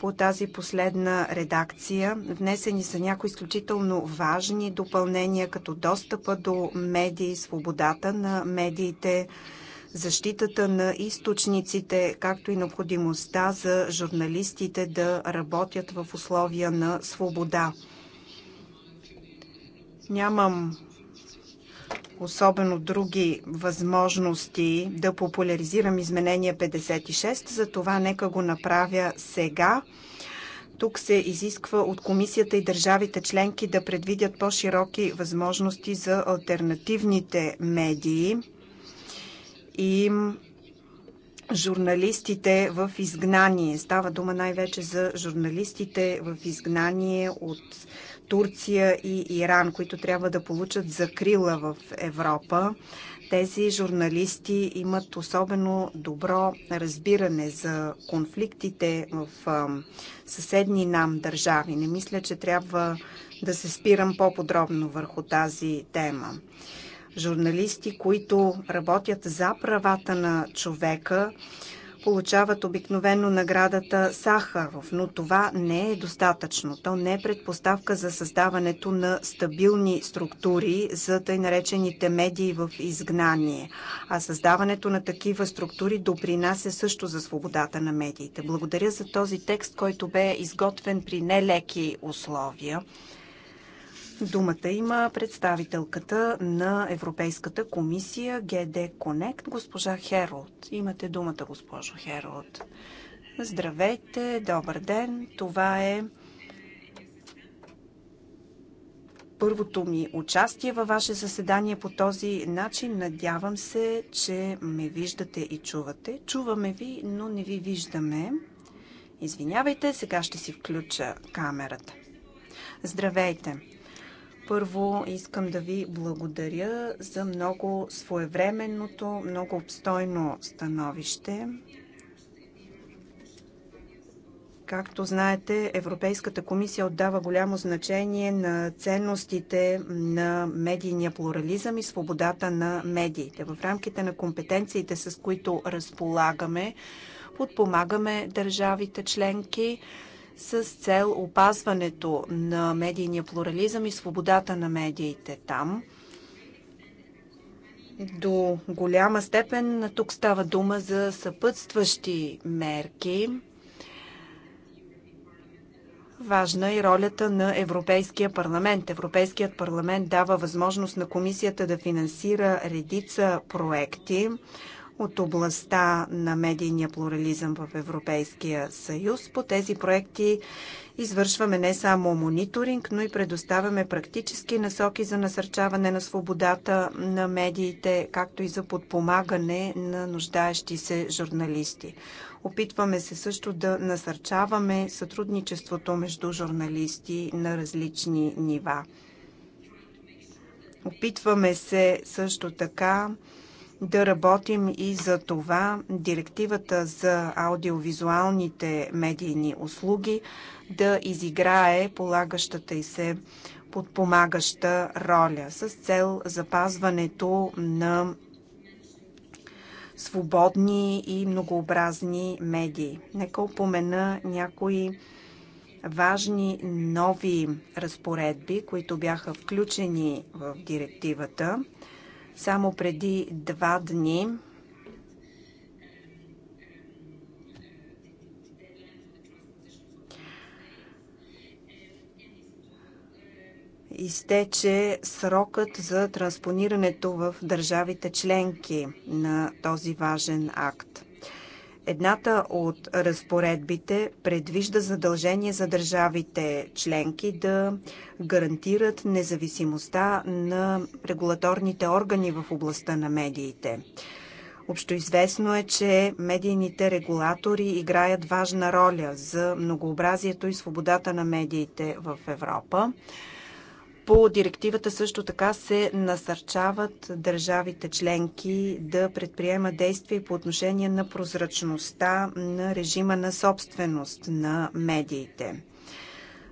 по тази последна редакция. Внесени са някои изключително важни допълнения, като достъпа до медии, свободата на медиите, защитата на източниците, както и необходимостта за журналистите да работят в условия на свобода. Нямам особено други възможности да популяризирам изменение 56, затова нека го направя сега. Тук се изисква от комисията и държавите членки да предвидят по-широки възможности за альтернативните медии и журналистите в изгнание. Става дума най-вече за журналистите в изгнание от Турция и Иран, които трябва да получат закрила в Европа. Тези журналисти имат особено добро разбиране за конфликтите в съседни нам държави. Не мисля, че трябва да се спирам по-подробно върху тази тема журналисти, които работят за правата на човека, получават обикновено наградата Сахаров, но това не е достатъчно. То не е предпоставка за създаването на стабилни структури за тъй наречените медии в изгнание. А създаването на такива структури допринася също за свободата на медиите. Благодаря за този текст, който бе изготвен при нелеки условия. Думата има представителката на Европейската комисия ГД Конект, госпожа Херолд. Имате думата, госпожо Херолд. Здравейте, добър ден. Това е първото ми участие във ваше заседание по този начин. Надявам се, че ме виждате и чувате. Чуваме ви, но не ви виждаме. Извинявайте, сега ще си включа камерата. Здравейте! Първо искам да ви благодаря за много своевременното, много обстойно становище. Както знаете, Европейската комисия отдава голямо значение на ценностите на медийния плурализъм и свободата на медиите. В рамките на компетенциите, с които разполагаме, подпомагаме държавите членки с цел опазването на медийния плурализъм и свободата на медиите там. До голяма степен тук става дума за съпътстващи мерки. Важна е ролята на Европейския парламент. Европейският парламент дава възможност на комисията да финансира редица проекти, от областта на медийния плурализъм в Европейския съюз. По тези проекти извършваме не само мониторинг, но и предоставяме практически насоки за насърчаване на свободата на медиите, както и за подпомагане на нуждаещи се журналисти. Опитваме се също да насърчаваме сътрудничеството между журналисти на различни нива. Опитваме се също така да работим и за това директивата за аудиовизуалните медийни услуги да изиграе полагащата и се подпомагаща роля с цел запазването на свободни и многообразни медии. Нека упомена някои важни нови разпоредби, които бяха включени в директивата. Само преди два дни изтече срокът за транспонирането в държавите членки на този важен акт. Едната от разпоредбите предвижда задължение за държавите членки да гарантират независимостта на регулаторните органи в областта на медиите. Общоизвестно е, че медийните регулатори играят важна роля за многообразието и свободата на медиите в Европа. По директивата също така се насърчават държавите членки да предприемат действия по отношение на прозрачността на режима на собственост на медиите.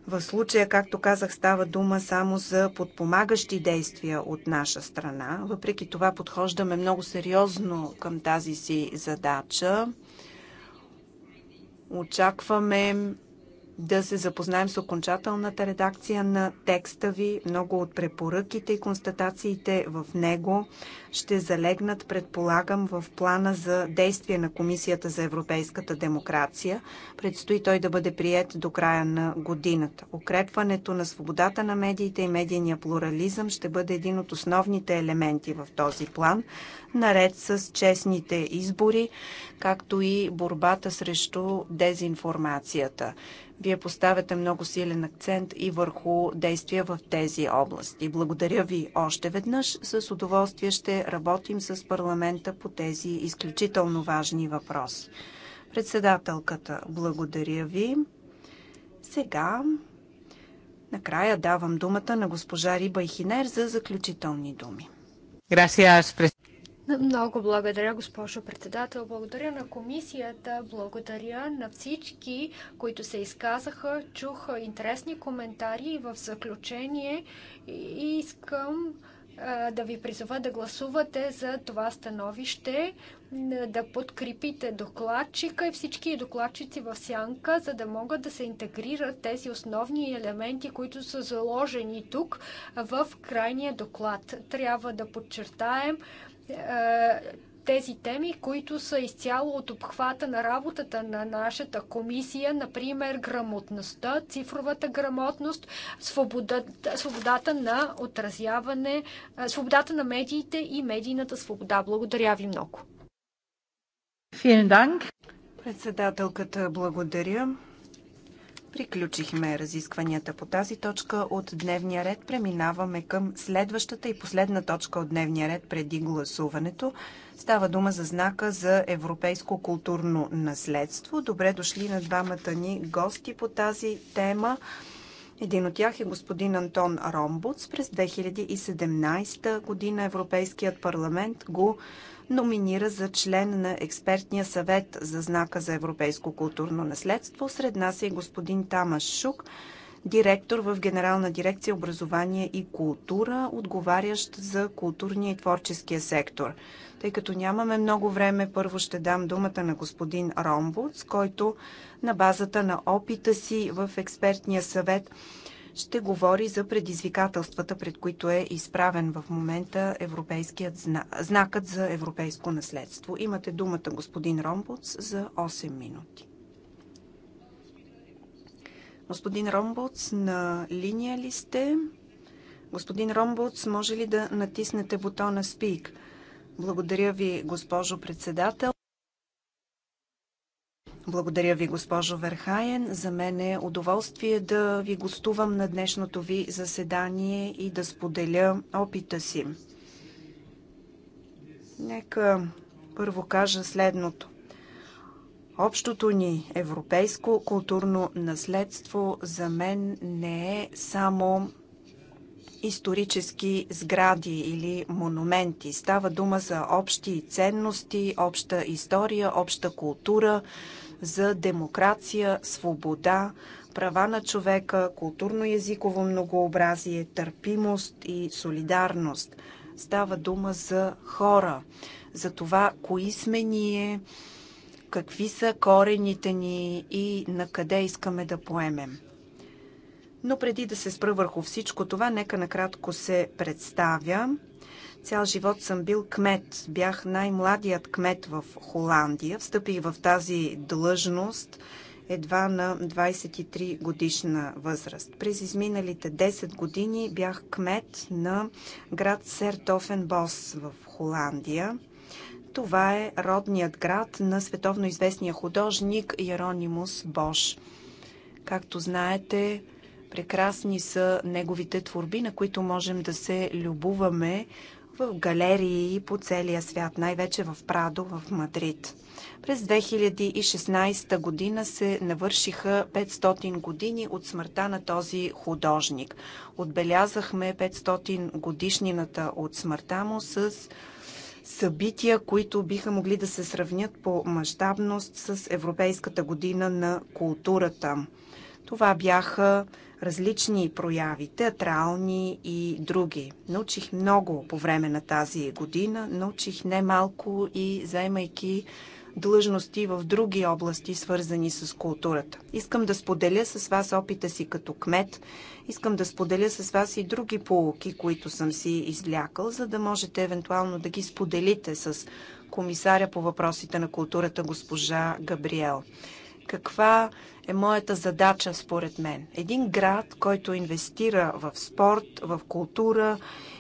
В случая, както казах, става дума само за подпомагащи действия от наша страна. Въпреки това подхождаме много сериозно към тази си задача. Очакваме да се запознаем с окончателната редакция на текста ви. Много от препоръките и констатациите в него ще залегнат, предполагам, в плана за действие на Комисията за европейската демокрация. Предстои той да бъде прият до края на годината. Укрепването на свободата на медиите и медийния плурализъм ще бъде един от основните елементи в този план, наред с честните избори, както и борбата срещу дезинформацията. Вие поставяте много силен акцент и върху действия в тези области. Благодаря ви още веднъж. С удоволствие ще работим с парламента по тези изключително важни въпроси. Председателката, благодаря ви. Сега накрая давам думата на госпожа Риба Ихинер за заключителни думи. Gracias, много благодаря, госпожо председател. Благодаря на комисията, благодаря на всички, които се изказаха. чуха интересни коментари в заключение и искам да ви призова да гласувате за това становище, да подкрепите докладчика и всички докладчици в сянка, за да могат да се интегрират тези основни елементи, които са заложени тук в крайния доклад. Трябва да подчертаем е, тези теми, които са изцяло от обхвата на работата на нашата комисия, например грамотността, цифровата грамотност, свободата, свободата на отразяване, е, свободата на медиите и медийната свобода. Благодаря ви много. Председателката, благодаря. Приключихме разискванията по тази точка от дневния ред. Преминаваме към следващата и последна точка от дневния ред преди гласуването. Става дума за знака за европейско културно наследство. Добре дошли на двамата ни гости по тази тема. Един от тях е господин Антон Ромбуц. През 2017 година Европейският парламент го номинира за член на експертния съвет за знака за европейско културно наследство. Сред нас е господин Тамаш Шук, директор в Генерална дирекция образование и култура, отговарящ за културния и творческия сектор. Тъй като нямаме много време, първо ще дам думата на господин Ромбуц, който на базата на опита си в експертния съвет ще говори за предизвикателствата, пред които е изправен в момента европейският зна... знакът за европейско наследство. Имате думата, господин Ромбоц, за 8 минути. Господин Ромбоц, на линия ли сте? Господин Ромбоц, може ли да натиснете бутона Speak? Благодаря ви, госпожо председател. Благодаря ви, госпожо Верхаен. За мен е удоволствие да ви гостувам на днешното ви заседание и да споделя опита си. Нека първо кажа следното. Общото ни европейско културно наследство за мен не е само исторически сгради или монументи. Става дума за общи ценности, обща история, обща култура, за демокрация, свобода, права на човека, културно-язиково многообразие, търпимост и солидарност. Става дума за хора, за това кои сме ние, какви са корените ни и на къде искаме да поемем. Но преди да се спра върху всичко това, нека накратко се представя. Цял живот съм бил кмет. Бях най-младият кмет в Холандия. Встъпих в тази длъжност едва на 23 годишна възраст. През изминалите 10 години бях кмет на град Сертофенбос в Холандия. Това е родният град на световно известния художник Яронимус Бош. Както знаете, прекрасни са неговите творби, на които можем да се любуваме в галерии по целия свят, най-вече в Прадо, в Мадрид. През 2016 година се навършиха 500 години от смъртта на този художник. Отбелязахме 500 годишнината от смъртта му с събития, които биха могли да се сравнят по мащабност с Европейската година на културата. Това бяха различни прояви, театрални и други. Научих много по време на тази година, научих немалко и заемайки длъжности в други области, свързани с културата. Искам да споделя с вас опита си като кмет, искам да споделя с вас и други полуки, които съм си излякал, за да можете евентуално да ги споделите с комисаря по въпросите на културата госпожа Габриел. Каква е моята задача според мен? Един град, който инвестира в спорт, в култура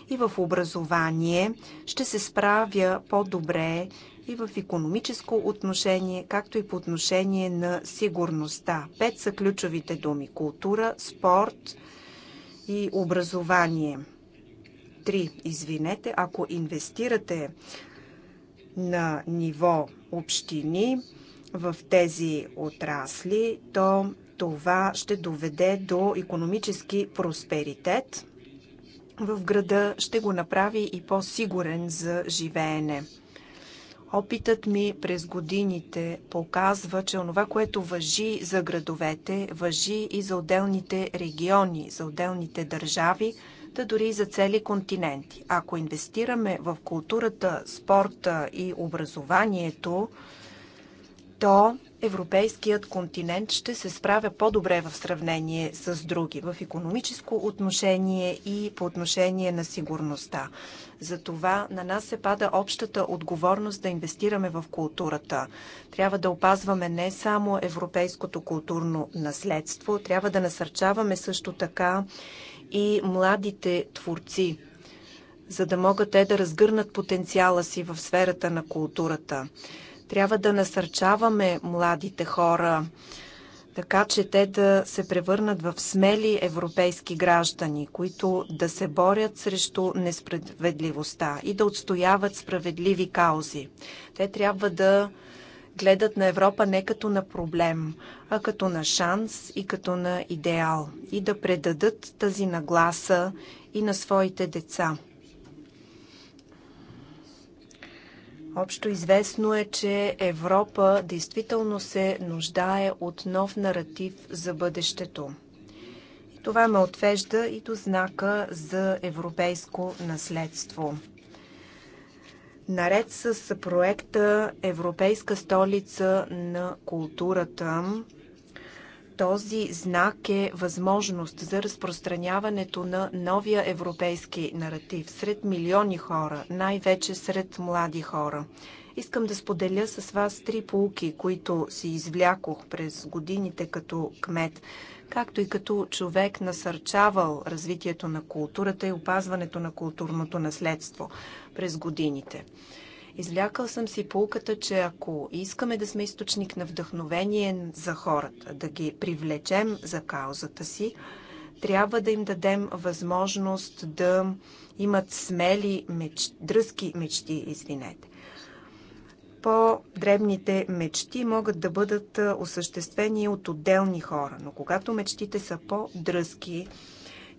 и в образование, ще се справя по-добре и в економическо отношение, както и по отношение на сигурността. Пет са ключовите думи – култура, спорт и образование. Три, извинете, ако инвестирате на ниво общини – в тези отрасли, то това ще доведе до економически просперитет. В града ще го направи и по-сигурен за живеене. Опитът ми през годините показва, че онова, което въжи за градовете, въжи и за отделните региони, за отделните държави, та да дори и за цели континенти. Ако инвестираме в културата, спорта и образованието, то европейският континент ще се справя по-добре в сравнение с други в економическо отношение и по отношение на сигурността. Затова на нас се пада общата отговорност да инвестираме в културата. Трябва да опазваме не само европейското културно наследство, трябва да насърчаваме също така и младите творци, за да могат те да разгърнат потенциала си в сферата на културата. Трябва да насърчаваме младите хора, така че те да се превърнат в смели европейски граждани, които да се борят срещу несправедливостта и да отстояват справедливи каузи. Те трябва да гледат на Европа не като на проблем, а като на шанс и като на идеал и да предадат тази нагласа и на своите деца. Общо известно е, че Европа действително се нуждае от нов наратив за бъдещето. И това ме отвежда и до знака за европейско наследство. Наред с проекта Европейска столица на културата, този знак е възможност за разпространяването на новия европейски наратив сред милиони хора, най-вече сред млади хора. Искам да споделя с вас три полуки, които си извлякох през годините като кмет, както и като човек насърчавал развитието на културата и опазването на културното наследство през годините. Излякал съм си полката, че ако искаме да сме източник на вдъхновение за хората, да ги привлечем за каузата си, трябва да им дадем възможност да имат смели, меч... дръзки мечти, извинете. По-дребните мечти могат да бъдат осъществени от отделни хора, но когато мечтите са по-дръзки,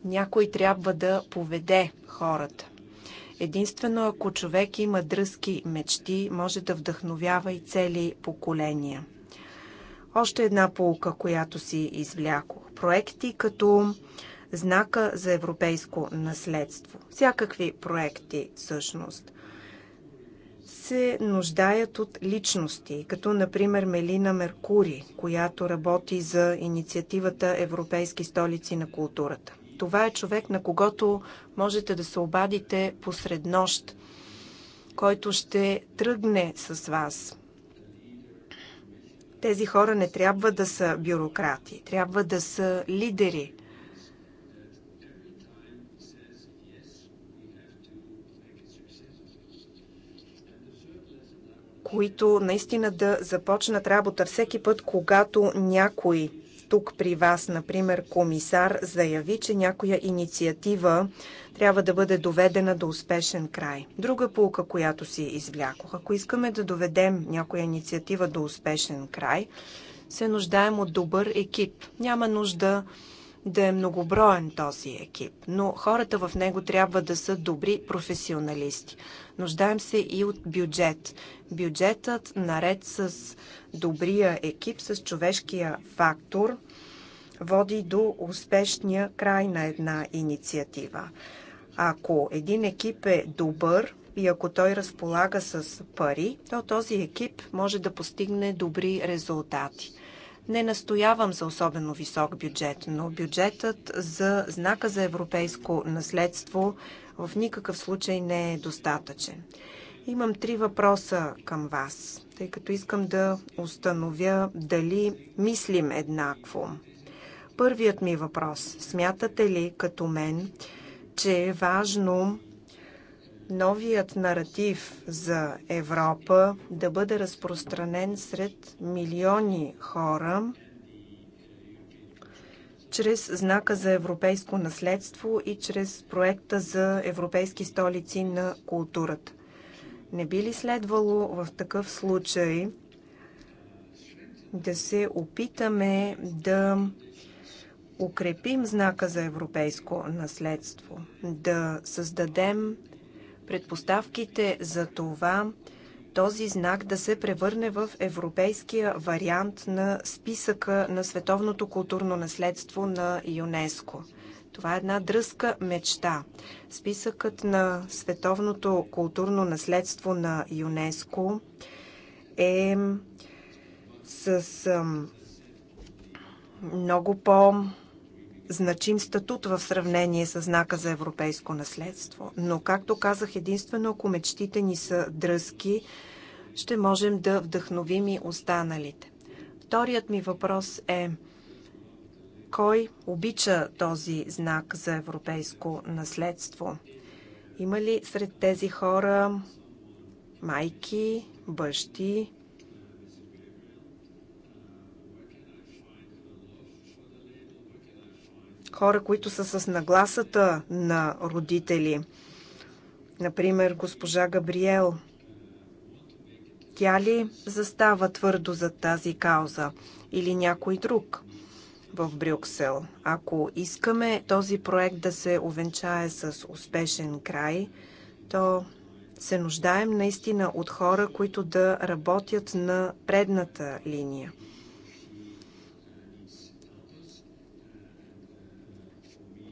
някой трябва да поведе хората. Единствено ако човек има дръзки мечти, може да вдъхновява и цели поколения. Още една полука, която си извлякох. Проекти като знака за европейско наследство. Всякакви проекти, всъщност, се нуждаят от личности, като например Мелина Меркури, която работи за инициативата Европейски столици на културата. Това е човек, на когото можете да се обадите посред нощ, който ще тръгне с вас. Тези хора не трябва да са бюрократи, трябва да са лидери. които наистина да започнат работа всеки път, когато някой тук при вас, например, комисар заяви, че някоя инициатива трябва да бъде доведена до успешен край. Друга полка, която си извлякох, ако искаме да доведем някоя инициатива до успешен край, се нуждаем от добър екип. Няма нужда да е многоброен този екип, но хората в него трябва да са добри професионалисти. Нуждаем се и от бюджет. Бюджетът, наред с добрия екип, с човешкия фактор, води до успешния край на една инициатива. Ако един екип е добър и ако той разполага с пари, то този екип може да постигне добри резултати. Не настоявам за особено висок бюджет, но бюджетът за знака за европейско наследство в никакъв случай не е достатъчен. Имам три въпроса към вас, тъй като искам да установя дали мислим еднакво. Първият ми въпрос. Смятате ли, като мен, че е важно новият наратив за Европа да бъде разпространен сред милиони хора, чрез знака за европейско наследство и чрез проекта за европейски столици на културата. Не би ли следвало в такъв случай да се опитаме да укрепим знака за европейско наследство, да създадем предпоставките за това този знак да се превърне в европейския вариант на списъка на световното културно наследство на ЮНЕСКО. Това е една дръзка мечта. Списъкът на световното културно наследство на ЮНЕСКО е с много по- значим статут в сравнение с знака за европейско наследство. Но, както казах, единствено ако мечтите ни са дръзки, ще можем да вдъхновим и останалите. Вторият ми въпрос е кой обича този знак за европейско наследство? Има ли сред тези хора майки, бащи, хора, които са с нагласата на родители. Например, госпожа Габриел. Тя ли застава твърдо за тази кауза или някой друг в Брюксел? Ако искаме този проект да се увенчае с успешен край, то се нуждаем наистина от хора, които да работят на предната линия –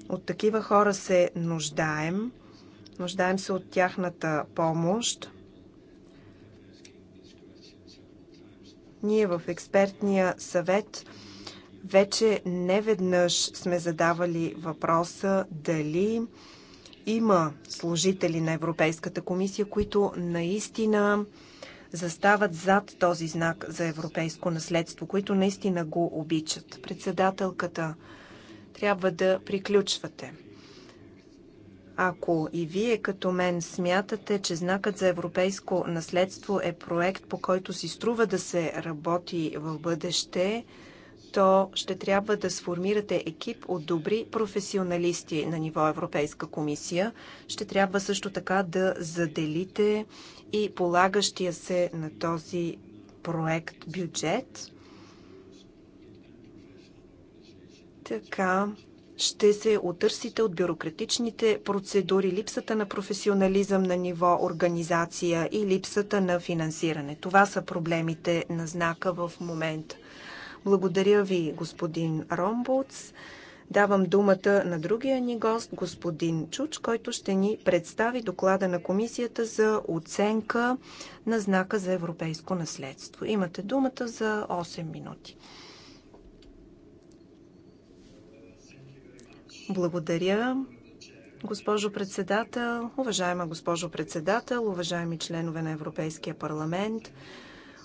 От такива хора се нуждаем. Нуждаем се от тяхната помощ. Ние в експертния съвет вече не веднъж сме задавали въпроса дали има служители на Европейската комисия, които наистина застават зад този знак за европейско наследство, които наистина го обичат. Председателката трябва да приключвате. Ако и вие като мен смятате, че знакът за европейско наследство е проект, по който си струва да се работи в бъдеще, то ще трябва да сформирате екип от добри професионалисти на ниво Европейска комисия. Ще трябва също така да заделите и полагащия се на този проект бюджет. Така ще се отърсите от бюрократичните процедури, липсата на професионализъм на ниво организация и липсата на финансиране. Това са проблемите на знака в момента. Благодаря ви, господин Ромбудс. Давам думата на другия ни гост, господин Чуч, който ще ни представи доклада на Комисията за оценка на знака за европейско наследство. Имате думата за 8 минути. Благодаря. Госпожо председател, уважаема госпожо председател, уважаеми членове на Европейския парламент,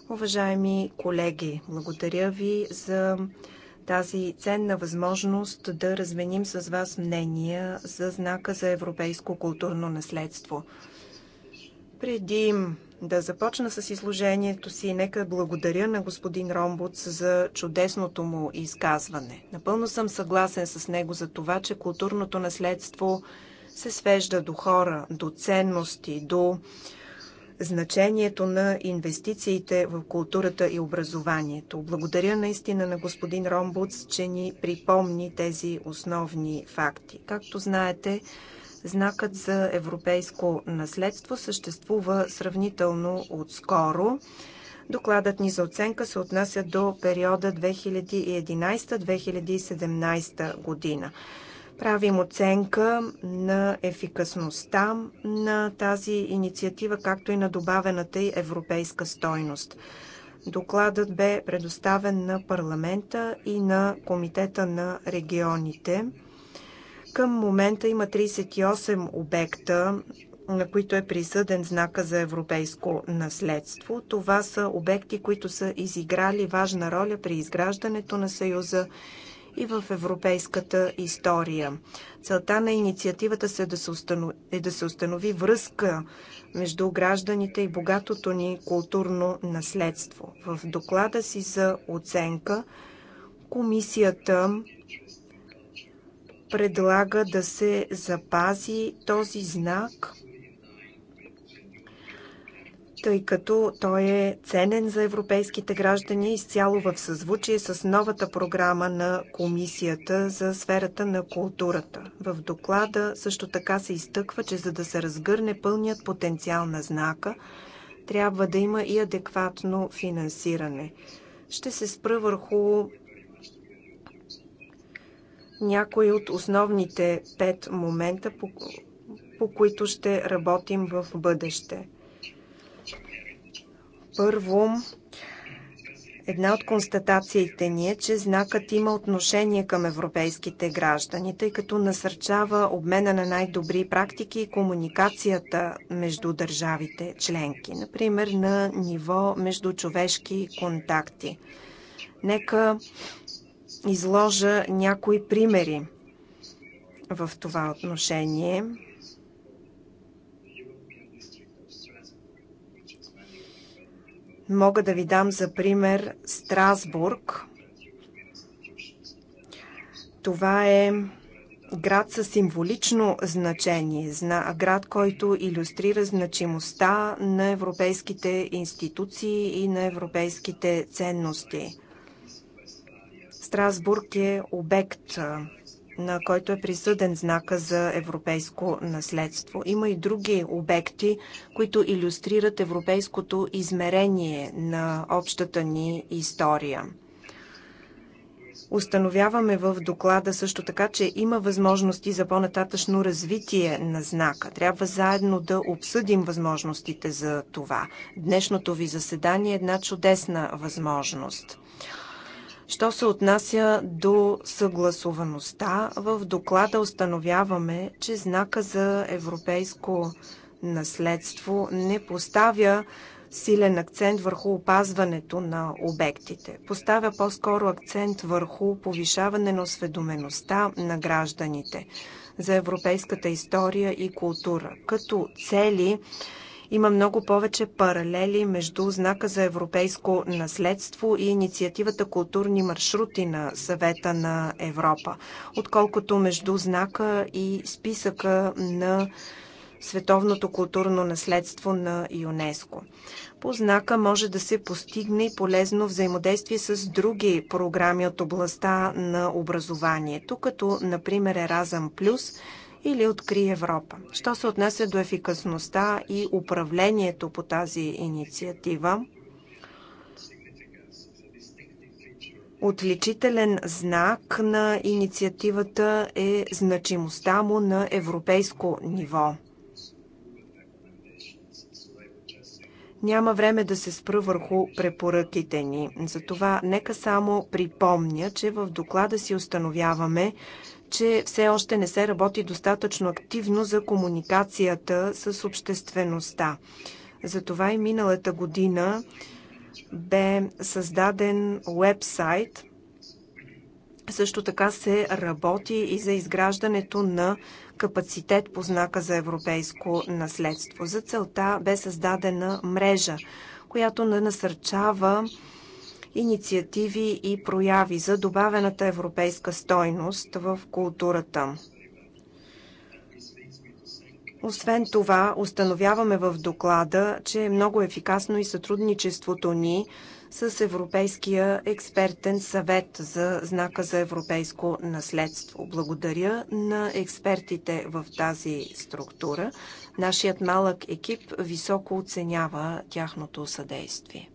уважаеми колеги, благодаря ви за тази ценна възможност да разменим с вас мнения за знака за европейско културно наследство. Преди да започна с изложението си. Нека благодаря на господин Ромбуц за чудесното му изказване. Напълно съм съгласен с него за това, че културното наследство се свежда до хора, до ценности, до значението на инвестициите в културата и образованието. Благодаря наистина на господин Ромбуц, че ни припомни тези основни факти. Както знаете, Знакът за европейско наследство съществува сравнително отскоро. Докладът ни за оценка се отнася до периода 2011-2017 година. Правим оценка на ефикасността на тази инициатива, както и на добавената й европейска стойност. Докладът бе предоставен на парламента и на Комитета на регионите. Към момента има 38 обекта, на които е присъден знака за европейско наследство. Това са обекти, които са изиграли важна роля при изграждането на Съюза и в европейската история. Целта на инициативата се да се установи, е да се установи връзка между гражданите и богатото ни културно наследство. В доклада си за оценка комисията предлага да се запази този знак, тъй като той е ценен за европейските граждани изцяло в съзвучие с новата програма на Комисията за сферата на културата. В доклада също така се изтъква, че за да се разгърне пълният потенциал на знака, трябва да има и адекватно финансиране. Ще се спра върху някои от основните пет момента, по, по които ще работим в бъдеще. Първо, Една от констатациите ни е, че знакът има отношение към европейските граждани, тъй като насърчава обмена на най-добри практики и комуникацията между държавите членки, например на ниво между човешки контакти. Нека изложа някои примери в това отношение. Мога да ви дам за пример Страсбург. Това е град със символично значение, град, който иллюстрира значимостта на европейските институции и на европейските ценности. Страсбург е обект, на който е присъден знака за европейско наследство. Има и други обекти, които иллюстрират европейското измерение на общата ни история. Установяваме в доклада също така, че има възможности за по-нататъчно развитие на знака. Трябва заедно да обсъдим възможностите за това. Днешното ви заседание е една чудесна възможност. Що се отнася до съгласуваността, в доклада установяваме, че знака за европейско наследство не поставя силен акцент върху опазването на обектите. Поставя по-скоро акцент върху повишаване на осведомеността на гражданите за европейската история и култура, като цели има много повече паралели между знака за европейско наследство и инициативата културни маршрути на съвета на Европа, отколкото между знака и списъка на световното културно наследство на ЮНЕСКО. По знака може да се постигне полезно взаимодействие с други програми от областта на образованието, като например Еразъм Плюс – или Откри Европа. Що се отнесе до ефикасността и управлението по тази инициатива, Отличителен знак на инициативата е значимостта му на европейско ниво. Няма време да се спра върху препоръките ни. Затова нека само припомня, че в доклада си установяваме, че все още не се работи достатъчно активно за комуникацията с обществеността. Затова и миналата година бе създаден уебсайт. Също така се работи и за изграждането на капацитет по знака за европейско наследство. За целта бе създадена мрежа, която насърчава инициативи и прояви за добавената европейска стойност в културата. Освен това, установяваме в доклада, че е много ефикасно и сътрудничеството ни с Европейския експертен съвет за знака за европейско наследство. Благодаря на експертите в тази структура. Нашият малък екип високо оценява тяхното съдействие.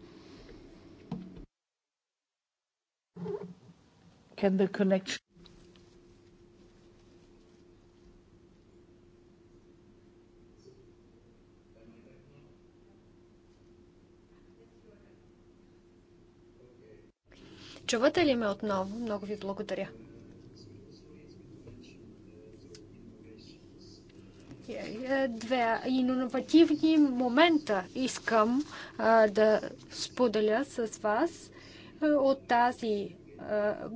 Can the connection? Чувате ли ме отново? Много ви благодаря. Е, е, две иновативни момента искам а, да споделя с вас. От тази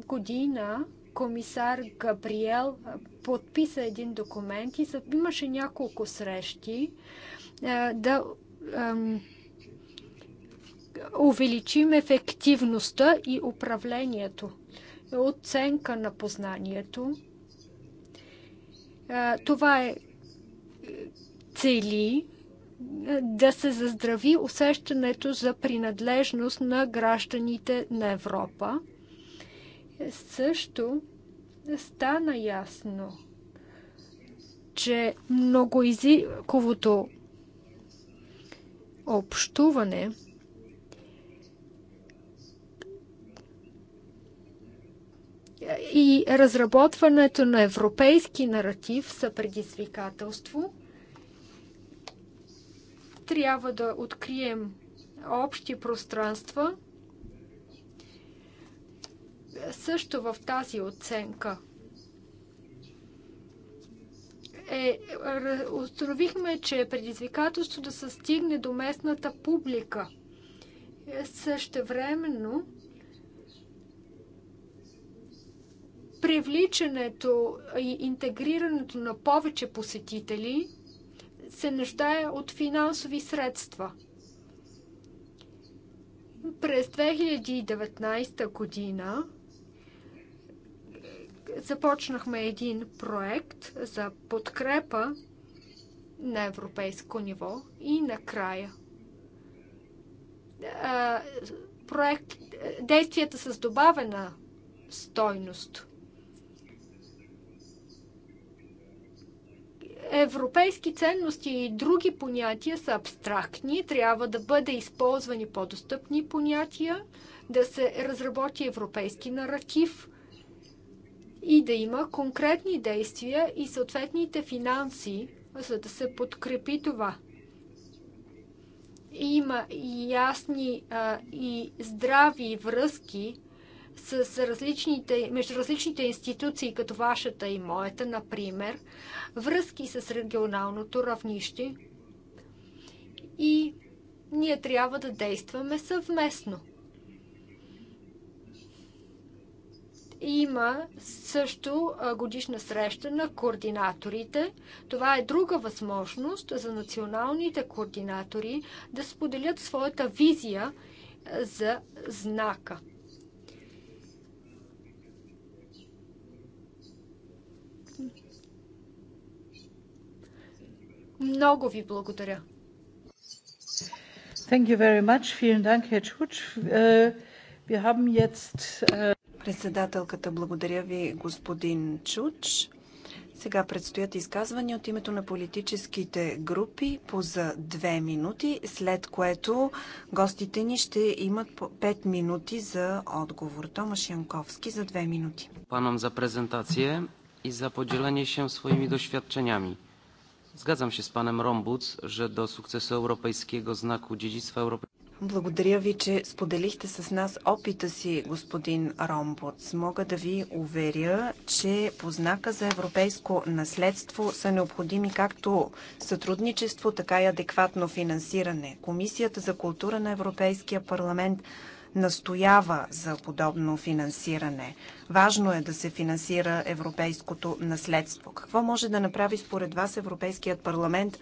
година комисар Габриел подписа един документ и имаше няколко срещи да увеличим ефективността и управлението, оценка на познанието. Това е цели да се заздрави усещането за принадлежност на гражданите на Европа. Също стана ясно, че многоизиковото общуване и разработването на европейски наратив са предизвикателство – трябва да открием общи пространства също в тази оценка е, установихме, че предизвикателство да се стигне до местната публика. Е, същевременно привличането и интегрирането на повече посетители – се нуждае от финансови средства. През 2019 година е, започнахме един проект за подкрепа на европейско ниво и накрая. Е, проект, е, действията с добавена стойност – европейски ценности и други понятия са абстрактни, трябва да бъде използвани по-достъпни понятия, да се разработи европейски наратив и да има конкретни действия и съответните финанси, за да се подкрепи това. Има ясни а, и здрави връзки с различните, между различните институции, като вашата и моята, например, връзки с регионалното равнище и ние трябва да действаме съвместно. Има също годишна среща на координаторите. Това е друга възможност за националните координатори да споделят своята визия за знака. Много ви благодаря. Thank you very much. Vielen Dank, Herr Tschutsch. Äh, wir haben jetzt... Äh, Председателката, благодаря ви, господин Чуч. Сега предстоят изказвания от името на политическите групи по за две минути, след което гостите ни ще имат пет минути за отговор. Томаш Янковски за две минути. Панам за презентация и за поделение с своими doświadczeniami. Zgadzam się z panem Rombuc, że do sukcesu europejskiego znaku dziedzictwa europejskiego благодаря ви, че споделихте с нас опита си, господин Ромбудс. Мога да ви уверя, че по знака за европейско наследство са необходими както сътрудничество, така и адекватно финансиране. Комисията за култура на Европейския парламент настоява за подобно финансиране. Важно е да се финансира европейското наследство. Какво може да направи според вас Европейският парламент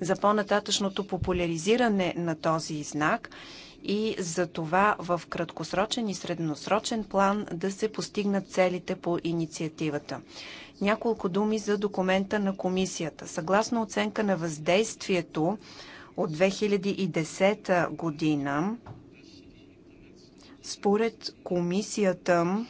за по-нататъчното популяризиране на този знак и за това в краткосрочен и средносрочен план да се постигнат целите по инициативата. Няколко думи за документа на комисията. Съгласно оценка на въздействието от 2010 година, според комисията,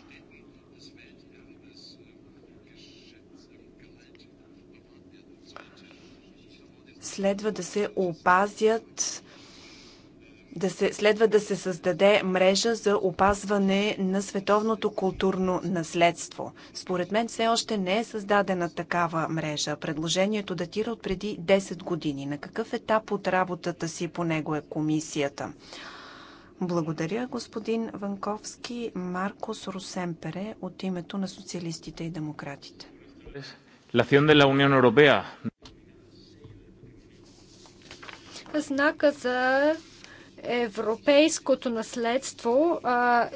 следва да се опазят да се, следва да се създаде мрежа за опазване на световното културно наследство. Според мен все още не е създадена такава мрежа. Предложението датира от преди 10 години. На какъв етап от работата си по него е комисията? Благодаря, господин Ванковски. Маркос Русемпере от името на социалистите и демократите. Знака за европейското наследство а,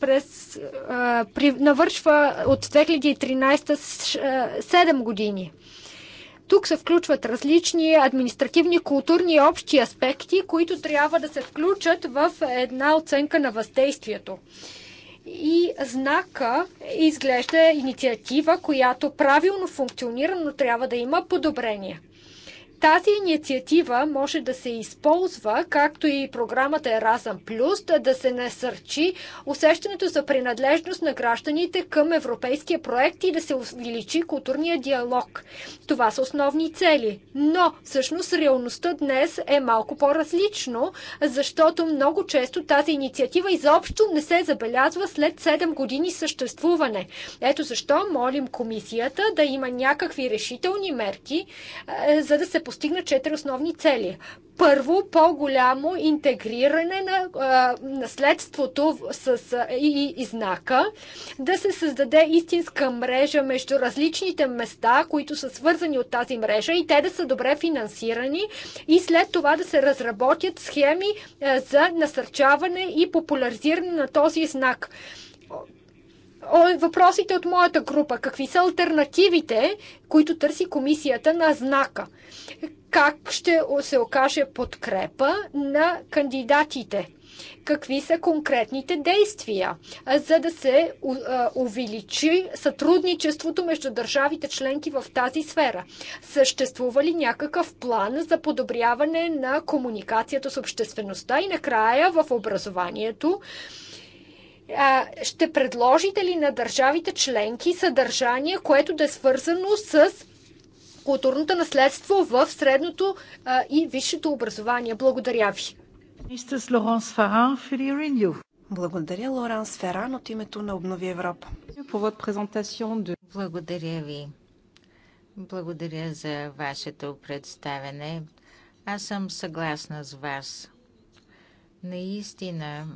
през, а, при, навършва от 2013 с, а, 7 години. Тук се включват различни административни, културни и общи аспекти, които трябва да се включат в една оценка на въздействието. И знака изглежда инициатива, която правилно функционира, но трябва да има подобрение. Тази инициатива може да се използва, както и програмата Erasm Плюс, да се насърчи усещането за принадлежност на гражданите към европейския проект и да се увеличи културния диалог. Това са основни цели. Но всъщност реалността днес е малко по-различно, защото много често тази инициатива изобщо не се забелязва след 7 години съществуване. Ето защо молим комисията да има някакви решителни мерки, за да се постигнат четири основни цели. Първо, по-голямо интегриране на а, наследството с, а, и, и знака, да се създаде истинска мрежа между различните места, които са свързани от тази мрежа и те да са добре финансирани и след това да се разработят схеми а, за насърчаване и популяризиране на този знак въпросите от моята група. Какви са альтернативите, които търси комисията на знака? как ще се окаже подкрепа на кандидатите. Какви са конкретните действия, за да се увеличи сътрудничеството между държавите членки в тази сфера? Съществува ли някакъв план за подобряване на комуникацията с обществеността и накрая в образованието? ще предложите ли на държавите членки съдържание, което да е свързано с културното наследство в средното и висшето образование. Благодаря ви. Благодаря, Лоранс Феран, от името на Обнови Европа. Благодаря ви. Благодаря за вашето представене. Аз съм съгласна с вас. Наистина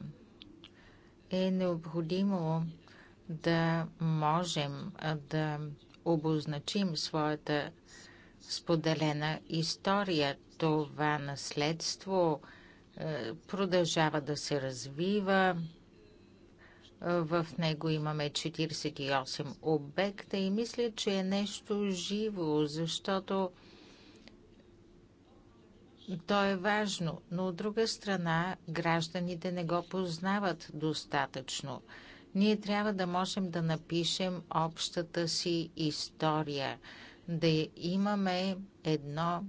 е необходимо да можем да обозначим своята споделена история. Това наследство е, продължава да се развива. В него имаме 48 обекта и мисля, че е нещо живо, защото то е важно, но от друга страна гражданите не го познават достатъчно. Ние трябва да можем да напишем общата си история да имаме едно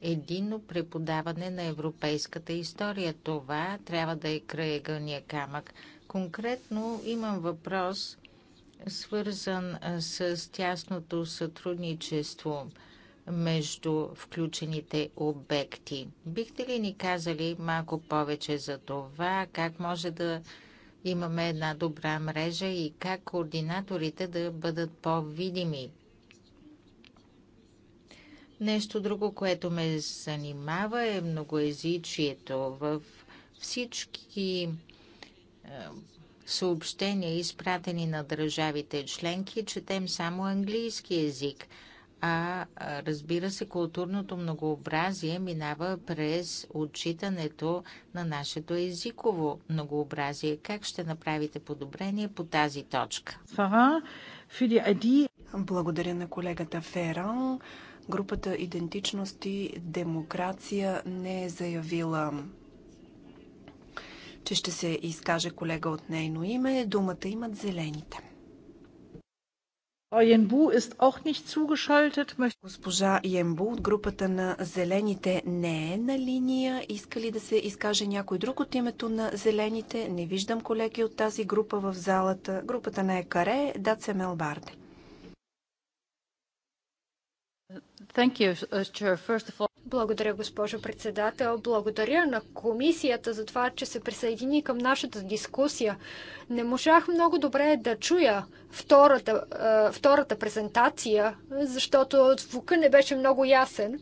единно преподаване на европейската история. Това трябва да е краегълния камък. Конкретно имам въпрос, свързан с тясното сътрудничество между включените обекти. Бихте ли ни казали малко повече за това, как може да имаме една добра мрежа и как координаторите да бъдат по-видими Нещо друго, което ме занимава е многоязичието. В всички е, съобщения, изпратени на държавите членки, четем само английски язик. А разбира се, културното многообразие минава през отчитането на нашето езиково многообразие. Как ще направите подобрение по тази точка? Благодаря на колегата Феран групата идентичност и демокрация не е заявила че ще се изкаже колега от нейно име. Думата имат зелените. Госпожа Йенбу от групата на Зелените не е на линия. Иска ли да се изкаже някой друг от името на Зелените? Не виждам колеги от тази група в залата. Групата на Екаре, Даце Мелбарде. Uh, Благодаря, госпожо председател. Благодаря на комисията за това, че се присъедини към нашата дискусия. Не можах много добре да чуя втората, втората презентация, защото звука не беше много ясен.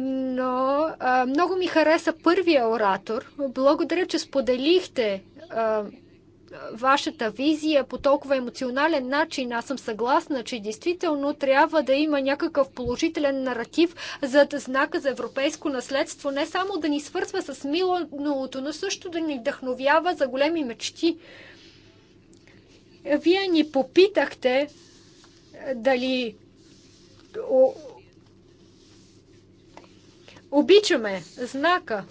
Но много ми хареса първия оратор. Благодаря, че споделихте вашата визия по толкова емоционален начин. Аз съм съгласна, че действително трябва да има някакъв положителен наратив за знака за европейско наследство. Не само да ни свързва с милото, но също да ни вдъхновява за големи мечти. Вие ни попитахте е, дали обичаме знака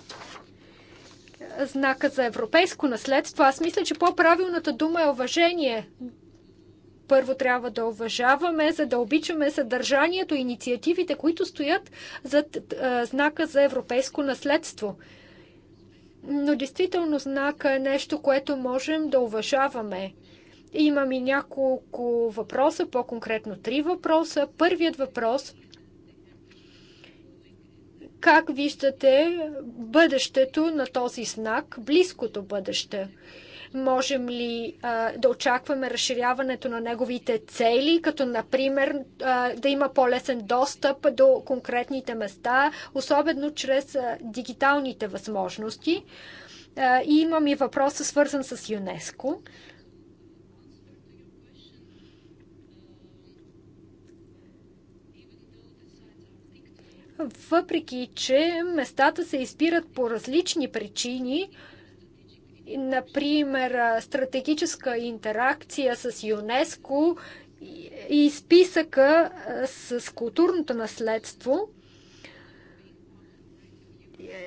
знака за европейско наследство. Аз мисля, че по-правилната дума е уважение. Първо трябва да уважаваме, за да обичаме съдържанието инициативите, които стоят зад е, знака за европейско наследство. Но действително знака е нещо, което можем да уважаваме. Имам и няколко въпроса, по-конкретно три въпроса. Първият въпрос – как виждате бъдещето на този знак, близкото бъдеще? Можем ли а, да очакваме разширяването на неговите цели, като например а, да има по-лесен достъп до конкретните места, особено чрез а, дигиталните възможности? А, и имам и въпроса, свързан с ЮНЕСКО. въпреки че местата се избират по различни причини, например стратегическа интеракция с ЮНЕСКО и списъка с културното наследство.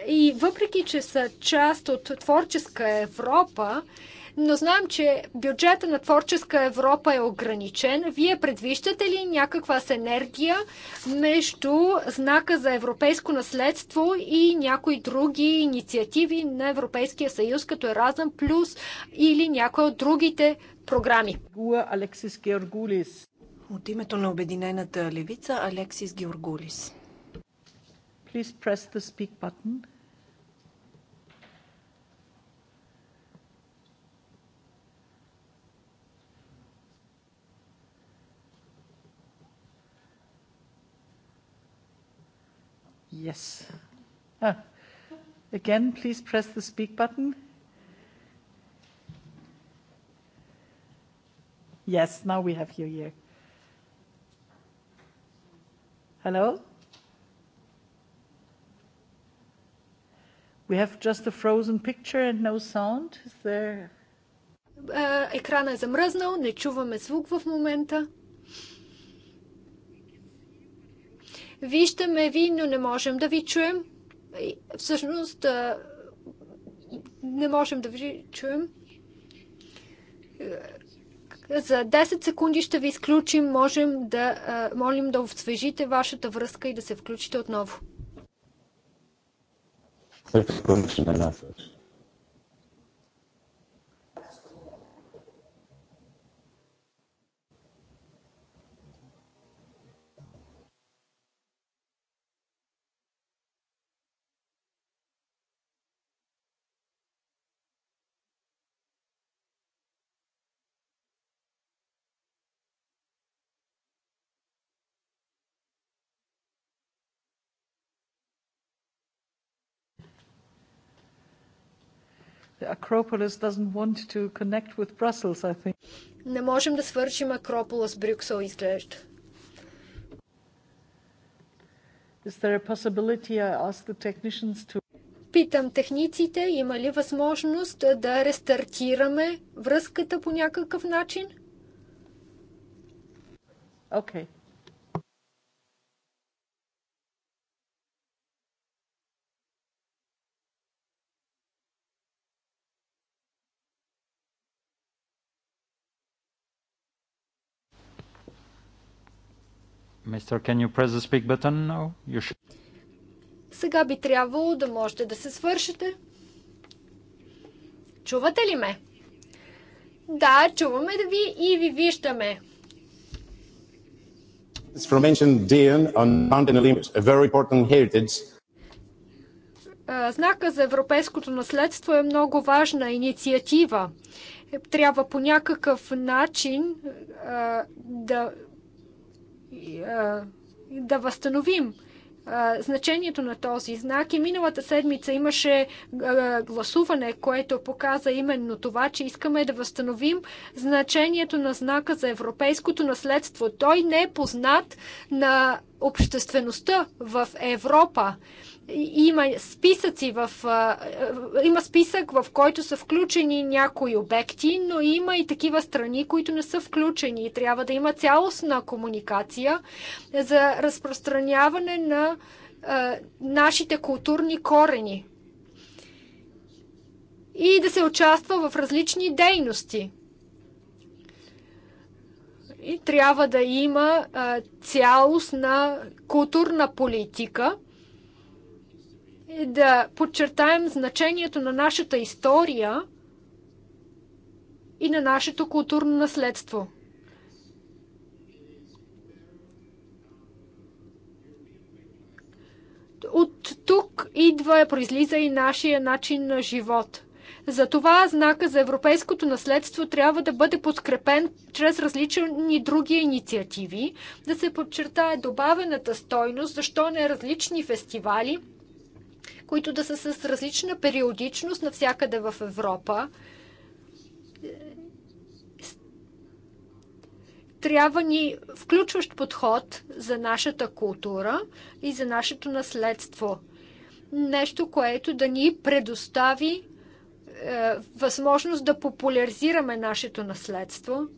И въпреки, че са част от творческа Европа но знам, че бюджета на Творческа Европа е ограничен. Вие предвиждате ли някаква синергия между знака за европейско наследство и някои други инициативи на Европейския съюз, като Еразъм Плюс или някои от другите програми? Алексис Георгулис. От името на Обединената левица Алексис Георгулис. Please press the speak button. Yes. Ah. Again, please press the speak button. Yes, now we have you here. Hello? We have just a frozen picture and no sound. Is there... Екрана е замръзнал, не чуваме звук в момента. Виждаме ви, но не можем да ви чуем. Всъщност, не можем да ви чуем. Е, за 10 секунди ще ви изключим. Можем да, молим да освежите вашата връзка и да се включите отново. След секунди ще на насъщ. Acropolis doesn't want to connect with Brussels, I think. Не можем да свършим Акрополис Брюксел, изглежда. Is there a possibility I ask the technicians to Питам техниците, има ли възможност да рестартираме връзката по някакъв начин? Окей. Okay. Mister, can you press the speak button now? You should... Сега би трябвало да можете да се свършите. Чувате ли ме? Да, чуваме да ви и ви виждаме. It's from ancient Dian on Olympus, a very important heritage Знака за европейското наследство е много важна инициатива. Трябва по някакъв начин да да възстановим значението на този знак. И миналата седмица имаше гласуване, което показа именно това, че искаме да възстановим значението на знака за европейското наследство. Той не е познат на обществеността в Европа има списъци в, има списък, в който са включени някои обекти, но има и такива страни, които не са включени. Трябва да има цялостна комуникация за разпространяване на нашите културни корени и да се участва в различни дейности. И трябва да има цялостна културна политика – е да подчертаем значението на нашата история и на нашето културно наследство. От тук идва, произлиза и нашия начин на живот. Затова знака за европейското наследство трябва да бъде подкрепен чрез различни други инициативи, да се подчертае добавената стойност, защо не различни фестивали – които да са с различна периодичност навсякъде в Европа. Трябва ни включващ подход за нашата култура и за нашето наследство. Нещо, което да ни предостави е, възможност да популяризираме нашето наследство –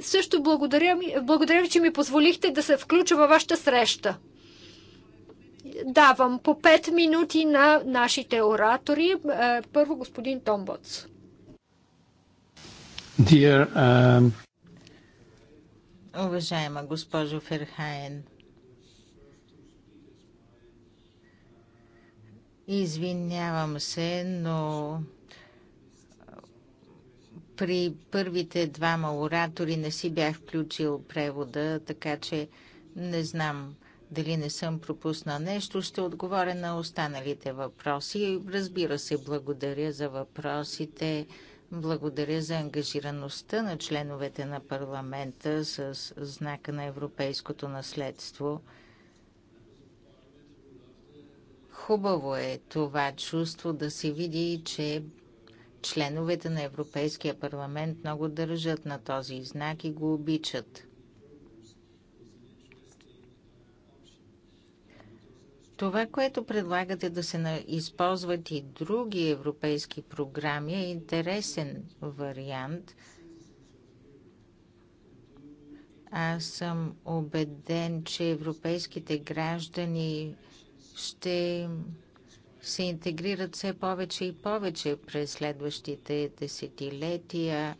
Също благодаря, благодаря ви, че ми позволихте да се включа във вашата среща. Давам по 5 минути на нашите оратори. Е, първо господин Томбоц. Dear, um... Уважаема госпожо Ферхайен, извинявам се, но при първите двама оратори не си бях включил превода, така че не знам дали не съм пропуснал нещо. Ще отговоря на останалите въпроси. Разбира се, благодаря за въпросите. Благодаря за ангажираността на членовете на парламента с знака на европейското наследство. Хубаво е това чувство да се види, че Членовете на Европейския парламент много държат на този знак и го обичат. Това, което предлагате да се използват и други европейски програми, е интересен вариант. Аз съм убеден, че европейските граждани ще се интегрират все повече и повече през следващите десетилетия.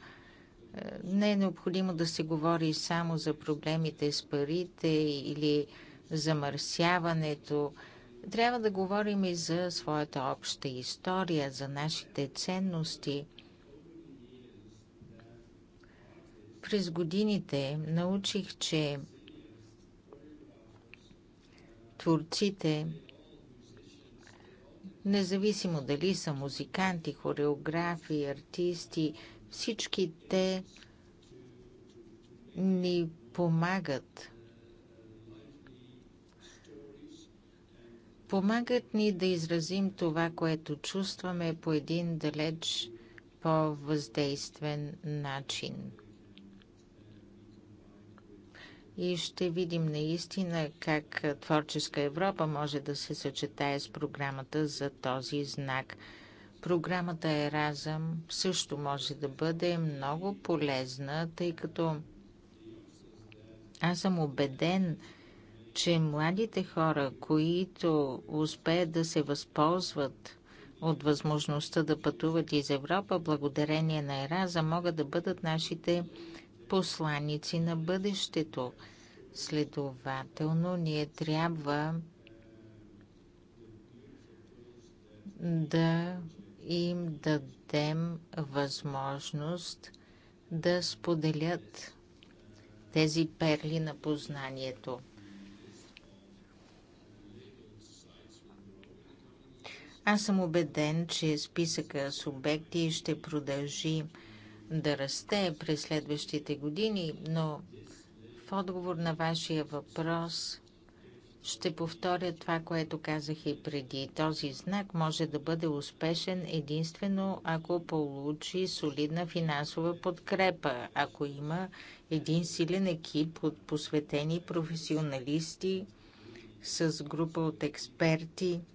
Е, не е необходимо да се говори само за проблемите с парите или замърсяването. Трябва да говорим и за своята обща история, за нашите ценности. През годините научих, че творците Независимо дали са музиканти, хореографи, артисти, всички те ни помагат. Помагат ни да изразим това, което чувстваме по един далеч по-въздействен начин и ще видим наистина как Творческа Европа може да се съчетае с програмата за този знак. Програмата Еразъм също може да бъде много полезна, тъй като аз съм убеден, че младите хора, които успеят да се възползват от възможността да пътуват из Европа, благодарение на Ераза, могат да бъдат нашите посланици на бъдещето. Следователно, ние трябва да им дадем възможност да споделят тези перли на познанието. Аз съм убеден, че списъка с обекти ще продължи да расте през следващите години, но в отговор на вашия въпрос ще повторя това, което казах и преди. Този знак може да бъде успешен единствено ако получи солидна финансова подкрепа, ако има един силен екип от посветени професионалисти с група от експерти –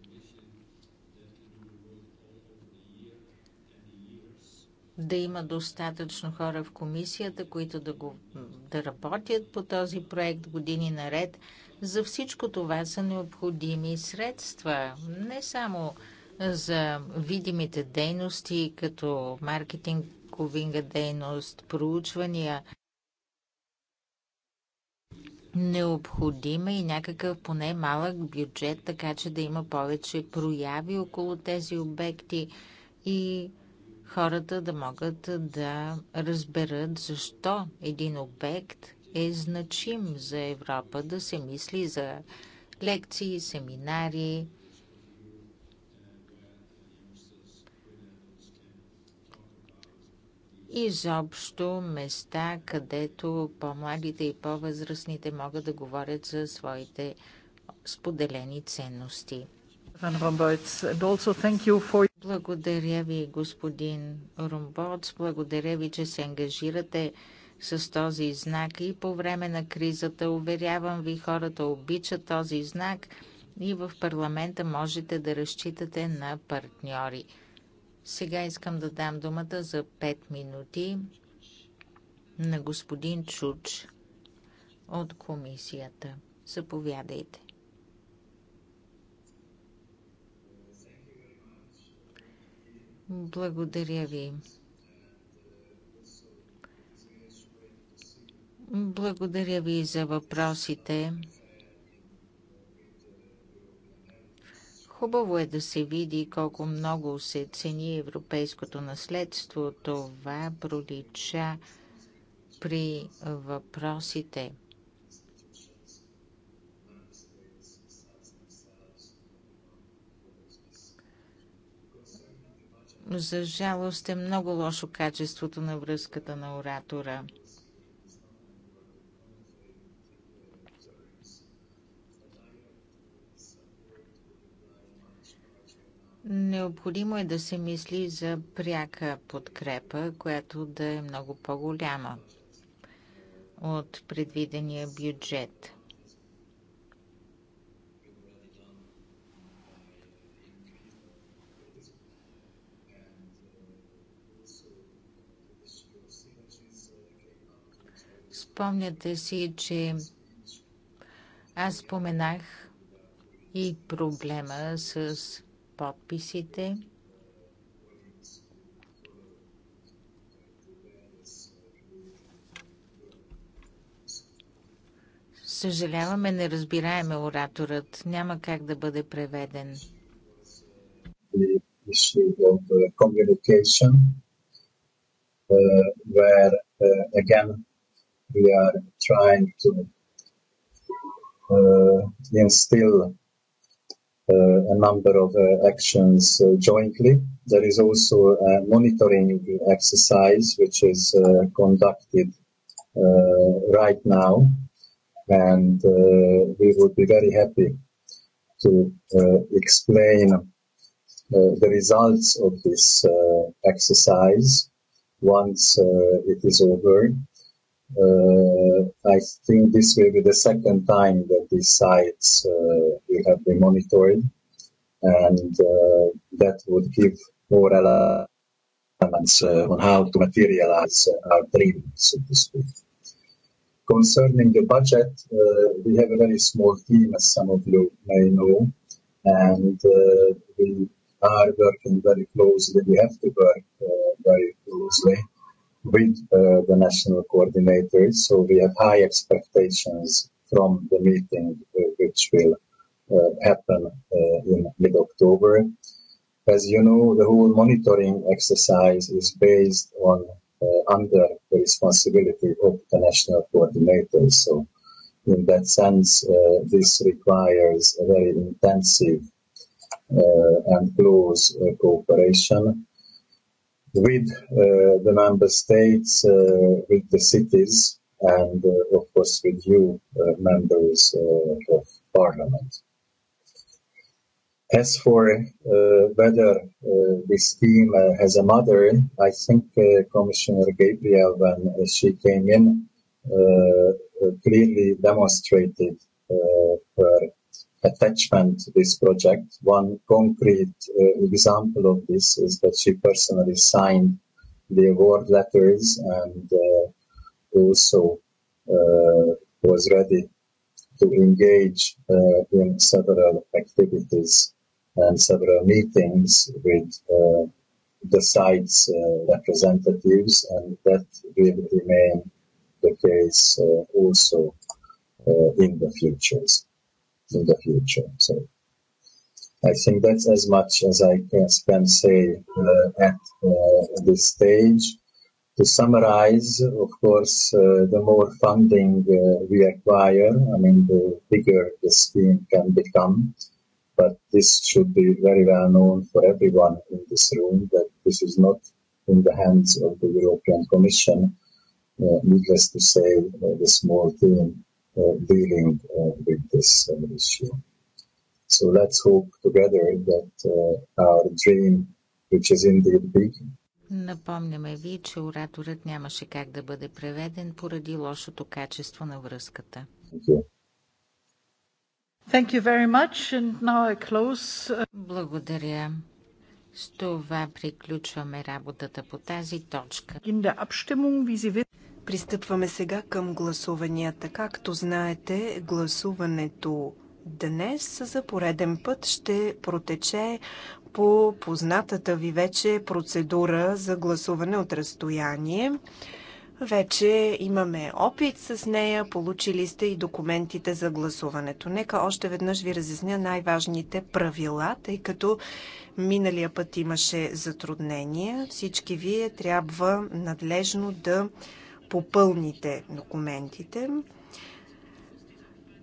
да има достатъчно хора в комисията, които да, го, да работят по този проект години наред. За всичко това са необходими средства, не само за видимите дейности, като маркетинговинга дейност, проучвания. Необходим е и някакъв поне малък бюджет, така че да има повече прояви около тези обекти и хората да могат да разберат защо един обект е значим за Европа, да се мисли за лекции, семинари, изобщо места, където по-младите и по-възрастните могат да говорят за своите споделени ценности. For... Благодаря ви, господин Румбоц. Благодаря ви, че се ангажирате с този знак и по време на кризата. Уверявам ви, хората обичат този знак и в парламента можете да разчитате на партньори. Сега искам да дам думата за 5 минути на господин Чуч от комисията. Заповядайте. Благодаря ви. Благодаря ви за въпросите. Хубаво е да се види колко много се цени европейското наследство. Това пролича при въпросите – За жалост е много лошо качеството на връзката на оратора. Необходимо е да се мисли за пряка подкрепа, която да е много по-голяма от предвидения бюджет. Спомняте си, че аз споменах и проблема с подписите. Съжаляваме, не разбираеме ораторът. Няма как да бъде преведен. Uh, communication uh, where uh, again we are trying to uh, instill uh, a number of uh, actions uh, jointly. There is also a monitoring exercise which is uh, conducted uh, right now, and uh, we would be very happy to uh, explain uh, the results of this uh, exercise once uh, it is over Uh I think this will be the second time that these sites uh will have been monitored, and uh that would give more elements on how to materialize our dream, so to speak. Concerning the budget, uh we have a very small team, as some of you may know, and uh we are working very closely. We have to work uh very closely with uh the national coordinators. So we have high expectations from the meeting, which will uh happen uh in mid-October. As you know, the whole monitoring exercise is based on uh under the responsibility of the national coordinators. So in that sense, uh this requires a very intensive uh and close uh cooperation with uh, the member states, uh, with the cities, and uh, of course with you, uh, members uh, of parliament. As for uh, whether uh, this team uh, has a mother, I think uh, Commissioner Gabriel, when she came in, uh, clearly demonstrated uh, her attachment to this project. One concrete uh, example of this is that she personally signed the award letters and uh, also uh, was ready to engage uh, in several activities and several meetings with uh, the site's uh, representatives, and that will remain the case uh, also uh, in the futures in the future. So I think that's as much as I can, can say uh, at uh, this stage. To summarize, of course, uh, the more funding uh, we acquire, I mean, the bigger the scheme can become. But this should be very well known for everyone in this room that this is not in the hands of the European Commission. Uh, needless to say, uh, the small team Uh, dealing uh, with this uh, issue. So let's hope together that our dream, which is indeed big, Напомняме ви, че ораторът нямаше как да бъде преведен поради лошото качество на връзката. Thank you very much and now I close. Благодаря. С това приключваме работата по тази точка. Пристъпваме сега към гласуванията. Както знаете, гласуването днес за пореден път ще протече по познатата ви вече процедура за гласуване от разстояние. Вече имаме опит с нея, получили сте и документите за гласуването. Нека още веднъж ви разясня най-важните правила, тъй като миналия път имаше затруднения. Всички вие трябва надлежно да попълните документите.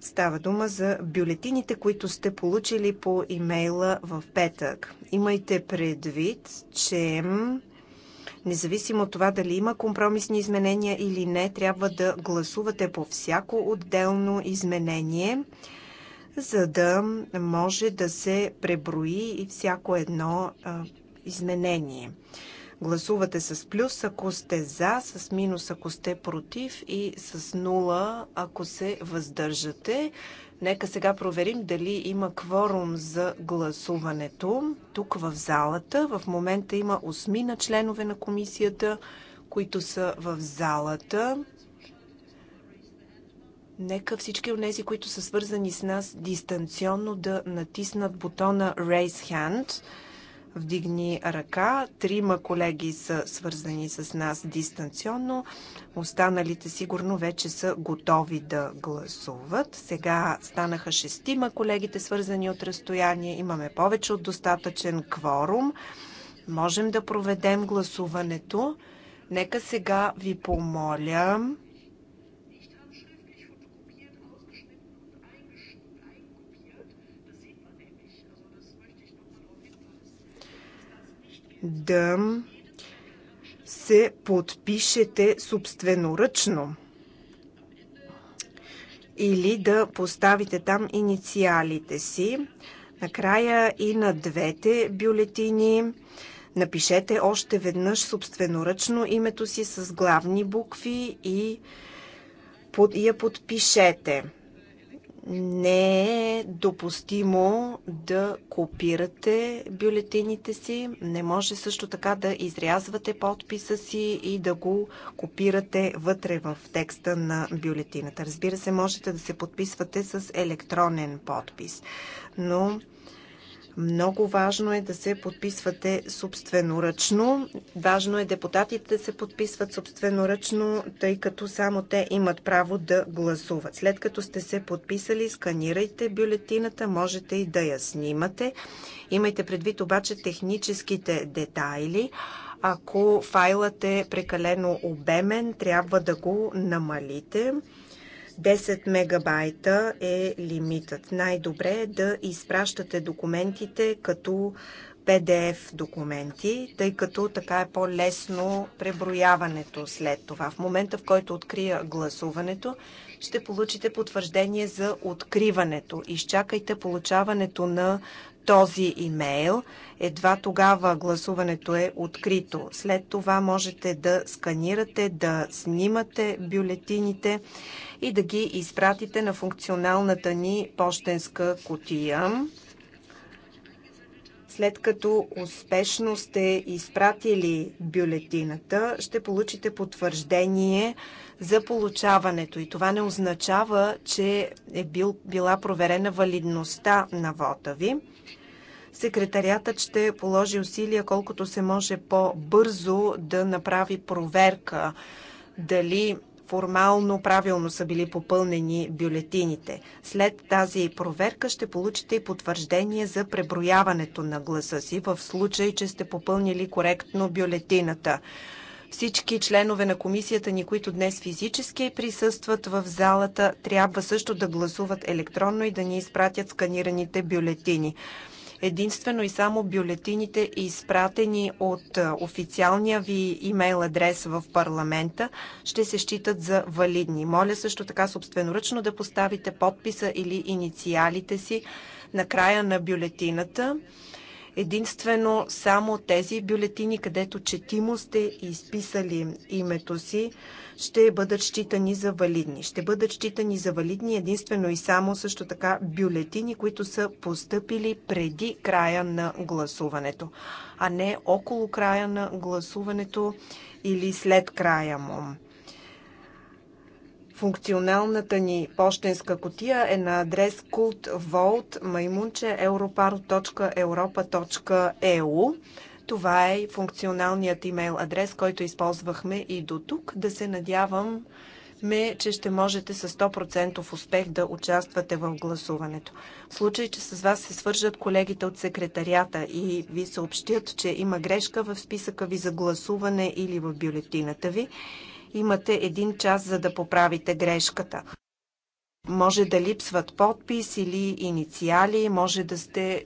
Става дума за бюлетините, които сте получили по имейла в петък. Имайте предвид, че независимо от това дали има компромисни изменения или не, трябва да гласувате по всяко отделно изменение, за да може да се преброи и всяко едно а, изменение. Гласувате с плюс, ако сте за, с минус, ако сте против и с нула, ако се въздържате. Нека сега проверим дали има кворум за гласуването. Тук в залата в момента има осмина членове на комисията, които са в залата. Нека всички от тези, които са свързани с нас дистанционно да натиснат бутона Raise Hand – вдигни ръка. Трима колеги са свързани с нас дистанционно. Останалите сигурно вече са готови да гласуват. Сега станаха шестима колегите свързани от разстояние. Имаме повече от достатъчен кворум. Можем да проведем гласуването. Нека сега ви помоля да се подпишете собственоръчно или да поставите там инициалите си. Накрая и на двете бюлетини напишете още веднъж собственоръчно името си с главни букви и я подпишете не е допустимо да копирате бюлетините си, не може също така да изрязвате подписа си и да го копирате вътре в текста на бюлетината. Разбира се, можете да се подписвате с електронен подпис, но много важно е да се подписвате собственоръчно. Важно е депутатите да се подписват собственоръчно, тъй като само те имат право да гласуват. След като сте се подписали, сканирайте бюлетината, можете и да я снимате. Имайте предвид обаче техническите детайли. Ако файлът е прекалено обемен, трябва да го намалите. 10 мегабайта е лимитът. Най-добре е да изпращате документите като PDF документи, тъй като така е по-лесно преброяването след това. В момента, в който открия гласуването, ще получите потвърждение за откриването. Изчакайте получаването на този имейл. Едва тогава гласуването е открито. След това можете да сканирате, да снимате бюлетините и да ги изпратите на функционалната ни почтенска котия. След като успешно сте изпратили бюлетината, ще получите потвърждение, за получаването и това не означава, че е бил, била проверена валидността на вота ви. Секретариатът ще положи усилия колкото се може по-бързо да направи проверка дали формално правилно са били попълнени бюлетините. След тази проверка ще получите и потвърждение за преброяването на гласа си в случай, че сте попълнили коректно бюлетината. Всички членове на комисията ни, които днес физически присъстват в залата, трябва също да гласуват електронно и да ни изпратят сканираните бюлетини единствено и само бюлетините, изпратени от официалния ви имейл адрес в парламента, ще се считат за валидни. Моля също така собственоръчно да поставите подписа или инициалите си на края на бюлетината единствено само тези бюлетини, където четимо сте изписали името си, ще бъдат считани за валидни. Ще бъдат считани за валидни единствено и само също така бюлетини, които са поступили преди края на гласуването, а не около края на гласуването или след края му. Функционалната ни почтенска котия е на адрес kultvolt маймунче Това е функционалният имейл адрес, който използвахме и до тук. Да се надявам ме, че ще можете с 100% успех да участвате в гласуването. В случай, че с вас се свържат колегите от секретарията и ви съобщят, че има грешка в списъка ви за гласуване или в бюлетината ви, Имате един час, за да поправите грешката. Може да липсват подпис или инициали, може да сте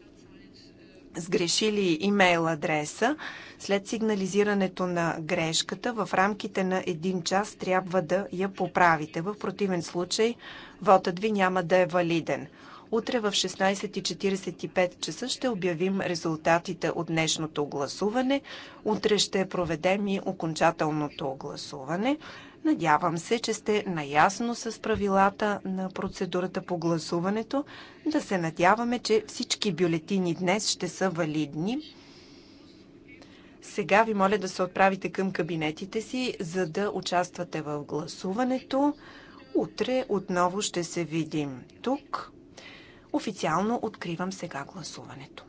сгрешили имейл адреса. След сигнализирането на грешката, в рамките на един час трябва да я поправите. В противен случай, вотът ви няма да е валиден. Утре в 16.45 часа ще обявим резултатите от днешното гласуване. Утре ще проведем и окончателното гласуване. Надявам се, че сте наясно с правилата на процедурата по гласуването. Да се надяваме, че всички бюлетини днес ще са валидни. Сега ви моля да се отправите към кабинетите си, за да участвате в гласуването. Утре отново ще се видим тук. Официално откривам сега гласуването.